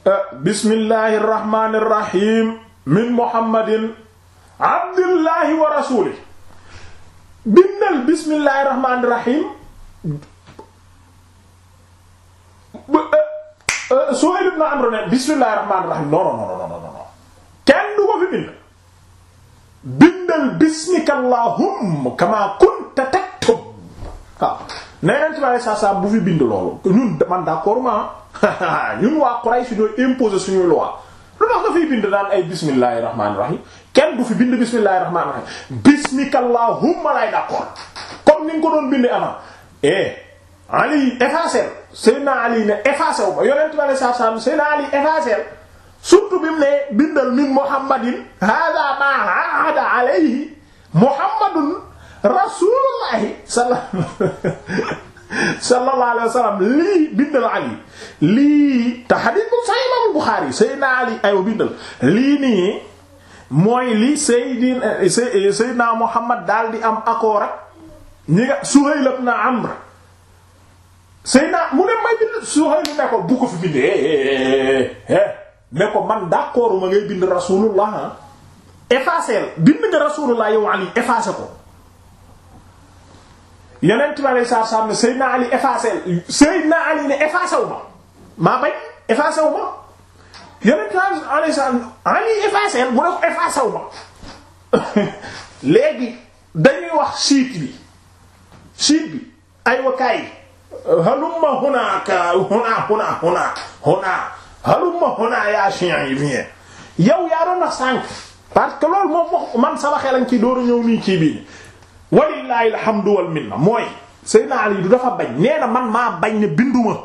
eh, bismillahir rahmanir rahim min muhammadin abdullahi wa rasulih bindal bismillahir rahmanir rahim eh, eh, Suhayl ibn Amr ne bismillahir rahmanir rahim non non non kenn du ko fi bind bindal bismika allahumma kama taktub waaw neeneen ci bale saasaam bu fi bind loolu ñun man d'accord ma ñun waa Quraysh ñooy imposer suñuy loi lu tax nga fiy bind daan ay bismillahir rahmanir rahim kenn bu fi bind bismillahir rahmanir bismikallahumma lay d'accord comme ni ko doon bindee avant eh Ali effacer Seydina Ali ne effacer ma yonent bi sallallahu alayhi wasallam Seydina Ali effacer surtout bi ne bindal min Muhammadin hada ma hada alayhi Muhammadun rasulullahi sallallahu alayhi wasallam lii bindal Ali lii te hadith bu Sahih Bukhari Seydina Ali ayo bindal lii nii. mooy li Seydina eh, Seydina Muhammad daal di am accord ak ñi nga Suhayl ibn Amr Seydina mu ne may bind Suhayl ne ko bu ko fi bind eh, eh, ne ko man d'accord ma ngay bind Rasulullah ah. effacer bind nga Rasulullah yow Ali effacer ko yeneen tubaab yi saa saa ne Seydina Ali effacer Seydina Ali ne effacer ma maa bañ effacer wu ma. yeneen trans en en effacé mu wax siit bi siit bi ay wakaay halumma hunaaka hunaa yow yaa doon wax sànq parce que loolu moom wax man sama xel lañ ci door ñëw nii ci biir walillahi alhamdu wal minna mooy Seydina Ali du dafa bañ nee na man maa bañ ne binduma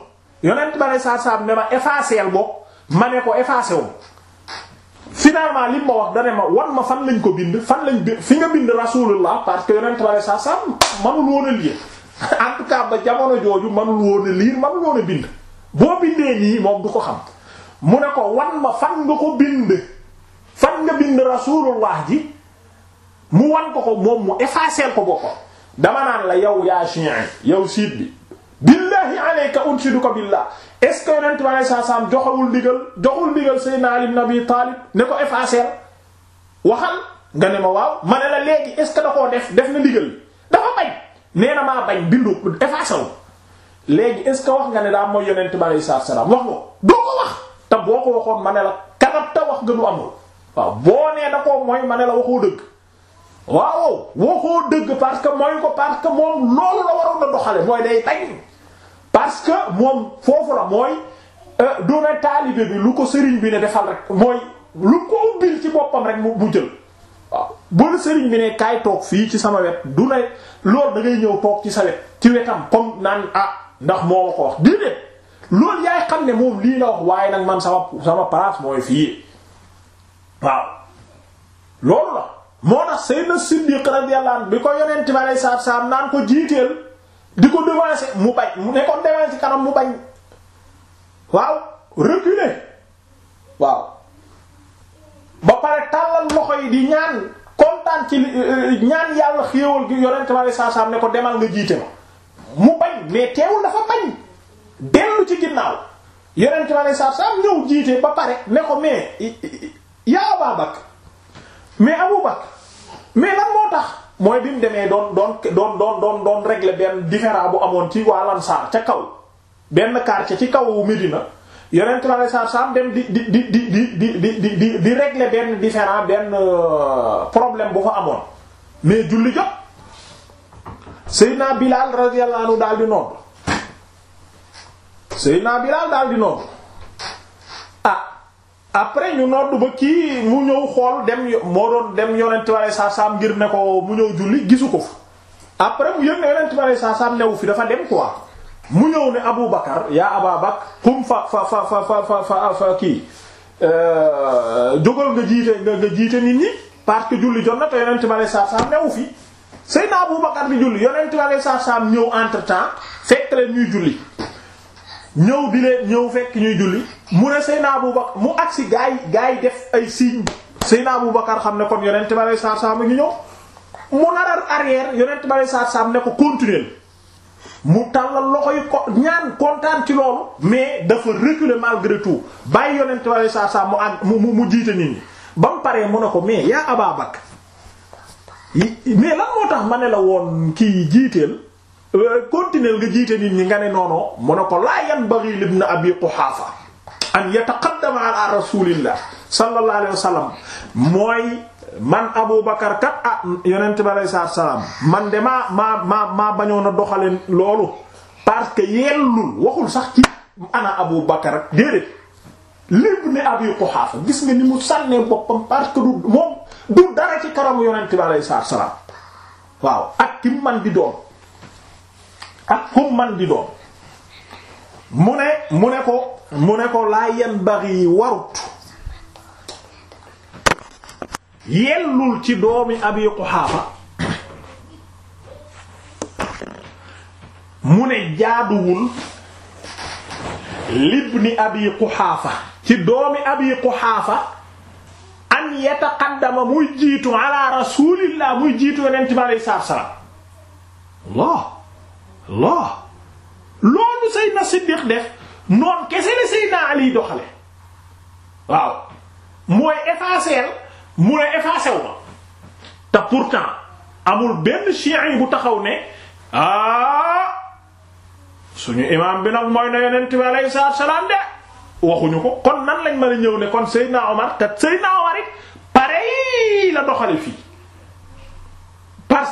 yonent ba ne saa saa ne ma effacé bopp. ma ne ko effacé wu finalement li ma wax dane ma wan ma fan lañ ko bind fan lañ bind fi nga bind rasulullah parce que yonent bale sa sam manul woon a lire en tout cas ba jamono jooju manul woon lii lire manul woon a bind boo bindee nii moom du ko xam mu ne ko wan ma fan nga ko bind fan nga bind rasulullah ji mu wan ko ko moom mu effacé ko boppam dama naan la yow yaa chien yow siit bi billahi alayka unshiduka billah est-ce que yonent bi alayhi salaam joxawul ndigal joxul ndigal Seydina Ali ibn Abi ne ko effacer waxal nga ne ma waaw ma ne la léegi est-ce que da koo def def na ndigal dafa bañ nee na maa bañ bindu effacer léegi est wax nga ne daa mooy yonent bi alayhi salaam wax nga doo ko wax te boo ko waxoon ma ne la kanam ta wax nga du amul waaw boo nee da koo mooy ma ne la waxoo dëgg. waaw ko dëgg parce que mooy ko parce que moom loolu la waroon na doxale mooy day dañ parce que moom foofu la mooy euh, doona taalibe bi lu ko sëriñ bi ne defal rek mooy lu ko ubbil ci boppam rek mu jël waaw bu sëriñ bi ne kaay toog fii ci sama wet du ne loolu da ngay ñëw toog ci sa wet ci wetam comme naan ah ndax moo ma ko wax déedéet loolu yaay xam ne moom lii la wax waaye nag man sama sama place mooy fii waaw loolu la moo tax Seydina Siddiq radiyallahu anhu bi ko yonent bi alayhi salaatu salaam naan ko jiiteel di ko devancer mu bañ mu ne ko devancer kanam mu bañ waaw waaw ba pare tàllal loxo yi di ñaan kontaan ci euh, ñaan yàlla xéewal gi yonent bi alayhi salaatu salaam ne ko demal nga jiite ma mu bañ mais teewul dafa bañ dellu ci ginnaaw yonent bi alayhi salaatu salaam ñëw jiite ba pare ne ko mais yaa Abaa mais Abu mais lan moo tax mooy bi mu demee doon doon doon doon doon doon régler benn différend bu amoon ci waa Ansaar ca kaw benn quartier ci kawu Medina yeneen trois cent dem di di di di di di di di di régler benn différend benn euh, problème bu fa amoon mais julli jot Seydina Bilal radiyallahu anhu daal di nodd Seydina Bilal daal di nodd. après ñu noddu ba kii mu ñëw xool dem moo doon dem yonent bi saa saam ngir ne ko mu ñëw julli gisu ko fa après mu yëg ne yonent bi saa saam newu fi dafa dem quoi mu ñëw ne Abu Bakar yaa Aba Bakar kum fa fa fa fa fa fa fa kii euh, jógal nga jiite nga jiite nit ñi parce que julli jot na te yonent bi saa saam newu fi Seydina Abu Bakar bi julli yonent bi saa saam ñëw entre temps fekk leen ñuy julli. ñëw di leen ñëw fekk ñuy julli mu ne naa bu Abubakar mu agsi gaa yi gaa yi def ay signe Seyna Abubakar xam ne kon yonent ma lay saar saam ngi ñëw mu narar arrière yonent ma lay saar saam ne ko continuer mu tàllal loxo yi ko ñaan kontaan ci loolu mais dafa reculer malgré tout bàyyi yonent ma lay saar saam mu àgg mu mu jiite nit ñi ba mu paree mu ne ko mais yaa Ababakar mais lan moo tax ma ne la woon kii jiiteel Euh, continuer nga jiite nit ñi nga ne noono mu ne ko laa yanbaghi libn abi quhaafa an yataqaddama ala rasulillah man Abu Bakar ah, salaam man de maa maa maa maa a doxale loolu parce que yellul waxul sax ci ana Abu Bakar déedéet libn abi quhaafa gis nga ni mu sànnee boppam parce que du moom du dara ci karamu yonent bi alay salaam waaw ak ki man di doon ak kum man di doon mu ne mu ne ko mu ne ko laa yanbaghi warut yellul ci doomi Abi Quhaafa mu ne jaaduwul libni Abi Quhaafa ci doomi Abi Quhaafa an yataqaddama muy jiitu ala rasulillah muy jiitu yonent bi alayhi salaam loo loolu Seydina Siddiq def noon kese la Seydina Ali doxale waaw mooy effacer mu ne effacé wu ma te pourtant amul benn chiite bu taxaw ne ah suñu imam bi nag mooy na yonent bi alayhi salaatu wa salaam de waxuñu ko kon nan lañ mën a ñëw ne kon Seydina Omar te Seydina Omar it la doxale fii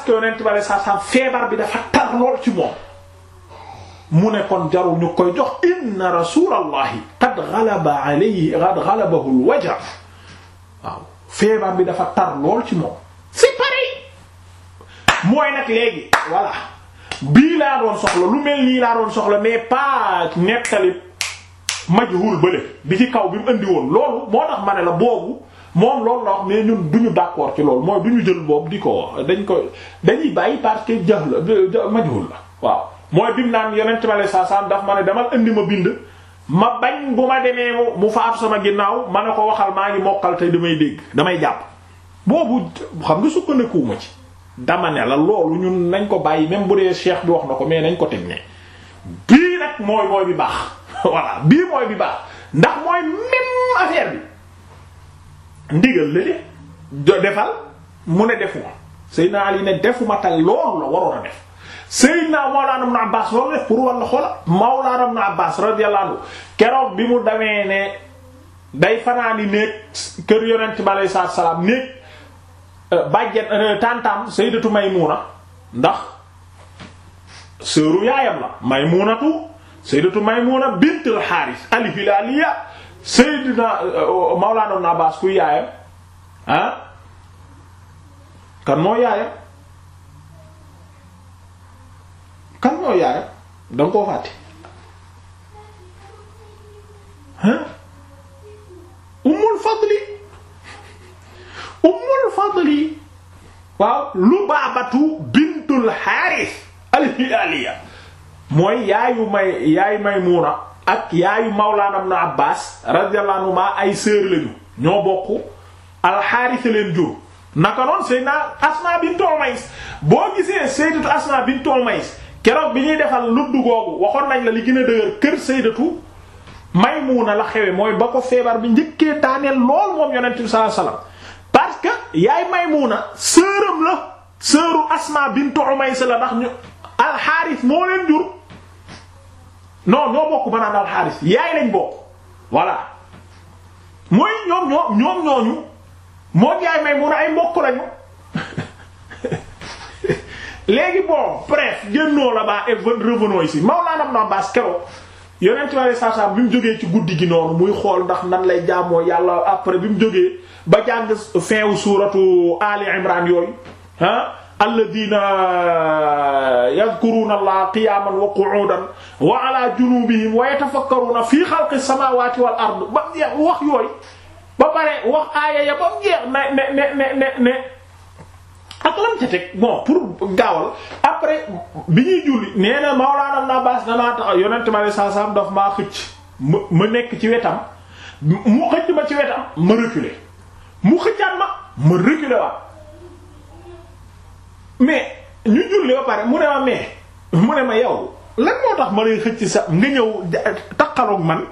que yonent feebar bi dafa tar lool ci moom mu ne kon jarul ñu koy jox inna rasulallahi qad ghalaba alayhi qad feebar bi dafa tar lool ci moom c'est pareil mooy nag léegi voilà bii laa doon soxla lu mel nii laa doon soxla mais pas nettali majhul bële bi ci kaw bi mu indi woon loolu moo tax ma la boobu moom loolu na wax mais ñun du ñu d'accord ci loolu mooy du jël boobu di ko wax dañ ko dañuy bàyyi parce que jahl la majhul la waaw mooy bim naan yonent ma saa saan daf ma ne demal indi ma bind ma bañ bu ma demee mu faatu sama ginnaaw ma ne ko waxal maa ngi mokkal te damay dégg damay jàpp boobu xam nga sukkandikuwuma ci dama ne la loolu ñun nañ ko bàyyi même bu dee cheikh bi wax na ko mais nañ ko teg ne bii nag mooy mooy bi baax voilà bii mooy bi baax ndax mooy bi ndigal la defal mu ne defuma Seydina Ali ne defuma te loolu la waroon a def Seydina Mawlaana Ibn Abbaas loolu def pour walla xoola Mawlaana Ibn Abbaas radiyallahu anhu keroog bi mu demee ne day fanaani néeg kër yonent bi alayhi salaatu salaam néeg euh, bàjjen euh, tantam Sayyidatu Maymuna ndax sëru yaayam la Maymunatu Sayyidatu Maymuna bintul Haaris al-Hilaaliya Seydina euh, Mawlana Ibn Abbas kuy yaayam ah kan moo yaayam kan moo yaayam danga koo fàtte ah Ummul Fadli Ummul Fadli waaw Lubaabatu bintul Haaris al-Hilaaliya mooy yaayu may yaayu Maymuna ak yaayu Mawlaana Ibn Abbaas radiyallahu anhuma ay sœur lañu ñoo bokk alxaaris leen jur naka noonu Seydina Asmaa bint Umays boo gisee Sayyidatu Asmaa bint Umays keroog bi ñuy defal luddu googu waxoon nañ la li gën a dëgër kër Sayyidatu Maymuna la xewe mooy ba ko feebar bi njëkkee daaneel lool moom Yonent bi parce que yaay Maymuna sœuram la sœuru Asmaa bint Umays la ndax alxaaris moo leen jur non ñoo bokk naa al xaaris yaay lañ bokk voilà mooy ñoom ñoo ñoom ñooñu moo jaay may mun a ay mbokk lañu léegi bon bref génnoo la baa et revenons ici Mawlana Ibn Abbas keroog yonent bi saa saa bi mu jógee ci guddi gi noonu muy xool ndax nan lay jàmmoo yàlla après bi mu jógee ba jàng fin wu suuratu Ali Imran yooyu ah, alladina yadkuruna allaha qiyaman wa qu'udan wa ala junubihim wa yatafakkaruna fi xalqi samawati wal ard ba wax yooyu ba pare wax aaya ya ba mu jeex ne ne ne ne ne ak lam ca teg pour gaawal après bi ñuy julli nee na Mawlaana Ibn Abbaas danaa tax yonent ma ne saasaam daf maa xëcc ma nekk ci wetam mu xëcc ma ci wetam ma reculer mu xëccaat ma ma reculer waat mais ñu julli ba pare mu ne ma mais mu ne ma yow lan moo tax ma lay xëcc sa nga ñëw eh, taqaloog man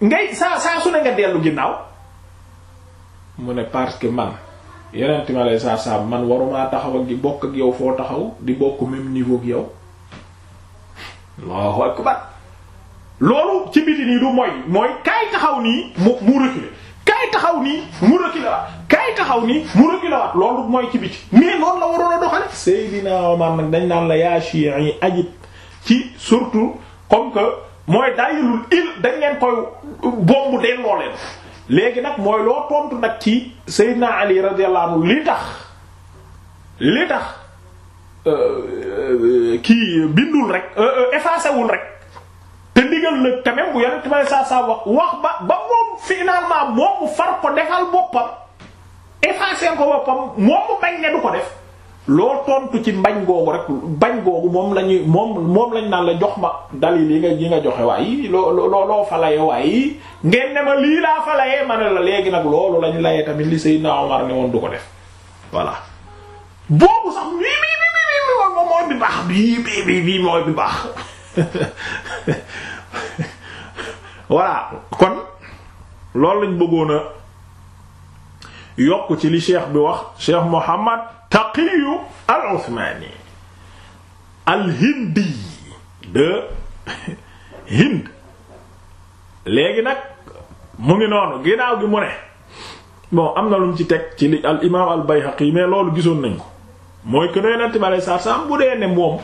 ngay saa saa su ne nga dellu ginnaaw mu ne parce que man yeneen ma lay saa saa man waruma taxaw ak di bokk ak yow foo taxaw di bokk même niveau ak yow Allahu akbar loolu ci biti nii du mooy mooy kaay taxaw nii mu mu reculer kaay taxaw nii mu reculer waat kaay taxaw nii mu reculer waat loolu mooy ci biti mais noonu la waroon a doxale Seydina Omar nag dañ naan la yaa shi'i ajib ci surtout comme que mooy dayilul il dañ leen koy bombu delloo leen léegi nag mooy loo tontu nag ci Seydina Ali radiyallahu anhu li tax li tax euh, euh, kii bindul rek euh, effacé wul rek te ndigal la quand même bu yore tamit saa saa wax wax ba ba. finalement moom mu far ko defal boppam effacer ko boppam moom mu bañ ne du ko def loo tontu ci mbañ googu rek bañ googu moom la ñuy moom moom lañ naan la jox ma dalil yi nga yi nga joxe waaye loo loo loo falaye waaye ngeen ne ma lii laa falayee ma ne la léegi nag loolu lañ layee tamit li Seydina Omar ne woon du ko def voilà boobu sax bii bii bii bii moom mooy bi baax bii kon. loolu lañ bëggoon a yokk ci li cheikh bi wax cheikh Muhammad Taqiyu al-Uthmani al-Hindi de Hind léegi nag mu ngi noonu ginnaaw gi mu ne bon am na lu mu ci teg ci li al imaam al Bayhaqi mais loolu gisoon nañ ko mooy que ne Yonent bi alayhi salaam bu dee ne moom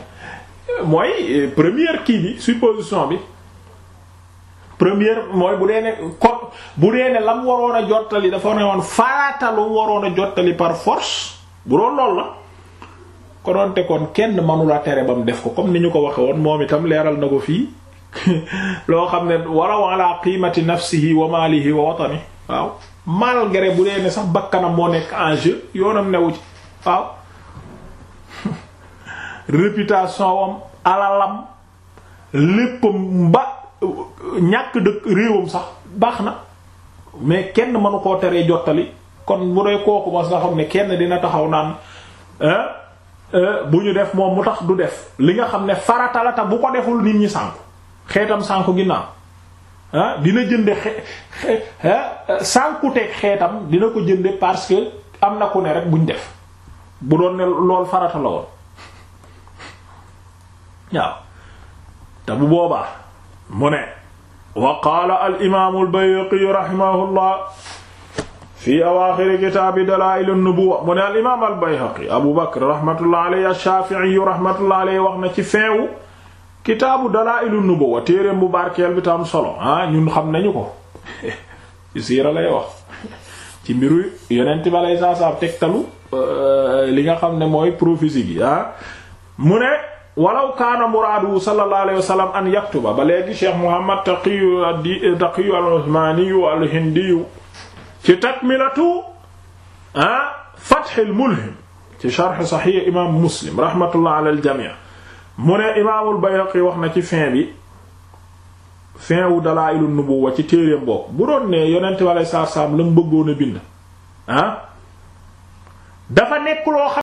mooy première kii bi supposition bi. première mooy bu dee ne ko bu dee ne lam waroon a jottali dafa ne woon faatalu waroon a jottali par force bu doon lool la konoonte kon kenn manula tere ba mu def ko comme ni ñu ko waxe woon moom itam leeral na ko fii loo xam ne waraw ala qiimati nafsihi wa maalihi wa watani waaw malgré bu dee ne sax bakkanam moo nekk en jeu yoonam newu ci waaw réputation wam alalam lépp mba ñàkk dëkk réewam sax baax na mais kenn mënu koo teree jottali kon bu dee kooku mas nga xam ne kenn dina taxaw naan euh, euh, bu ñu def moom mu tax du def li nga xam ne farata bu ko deful nit ñi sànku xeetam sànku ginnaaw ah dina jënde xe sànkuteeg xeetam dina ko jënde parce que am na ku ne rek buñ def bu doon ne lool farata woon waaw te bu boobaa mu ne wa qaala al imaamu albayhaqiyu rahimahullah fi awaaxiri kitaabi dalaa'il an-nubuwwa mu ne al imaam albayhaqi abu bakr rahmatullah alayhi ash-shaafi'iyu rahmatullah alayhi wax na ci feewu kitaabu dalaa'il an-nubuwwa téereem bu barkeel bi tam solo ah ñun xam nañu ko ci siira lay wax ci mbiru yonent balay saa saa tegtalu euh, li nga xam ne mooy prophétie gi ah mu ne walaw kaana muraaduhu sallallahu alayhi wa sallam an yaktuba ba léegi cheikh Muhammad Taqiyu Taqiyu al-Usmaaniyu al-Hindiyu ci takmilatu ah Fathul Mulhim ci sharh Sahih imaam Muslim rahmatullah ala al-jamii mu ne imaamul Bayhaqi wax na ci fin bi fin wu Dalaa'ilun Nubuwwa ci téereem boobu bu doon ne yonent bi alayhi salaam la mu bëggoon a bind ah dafa nekk loo xam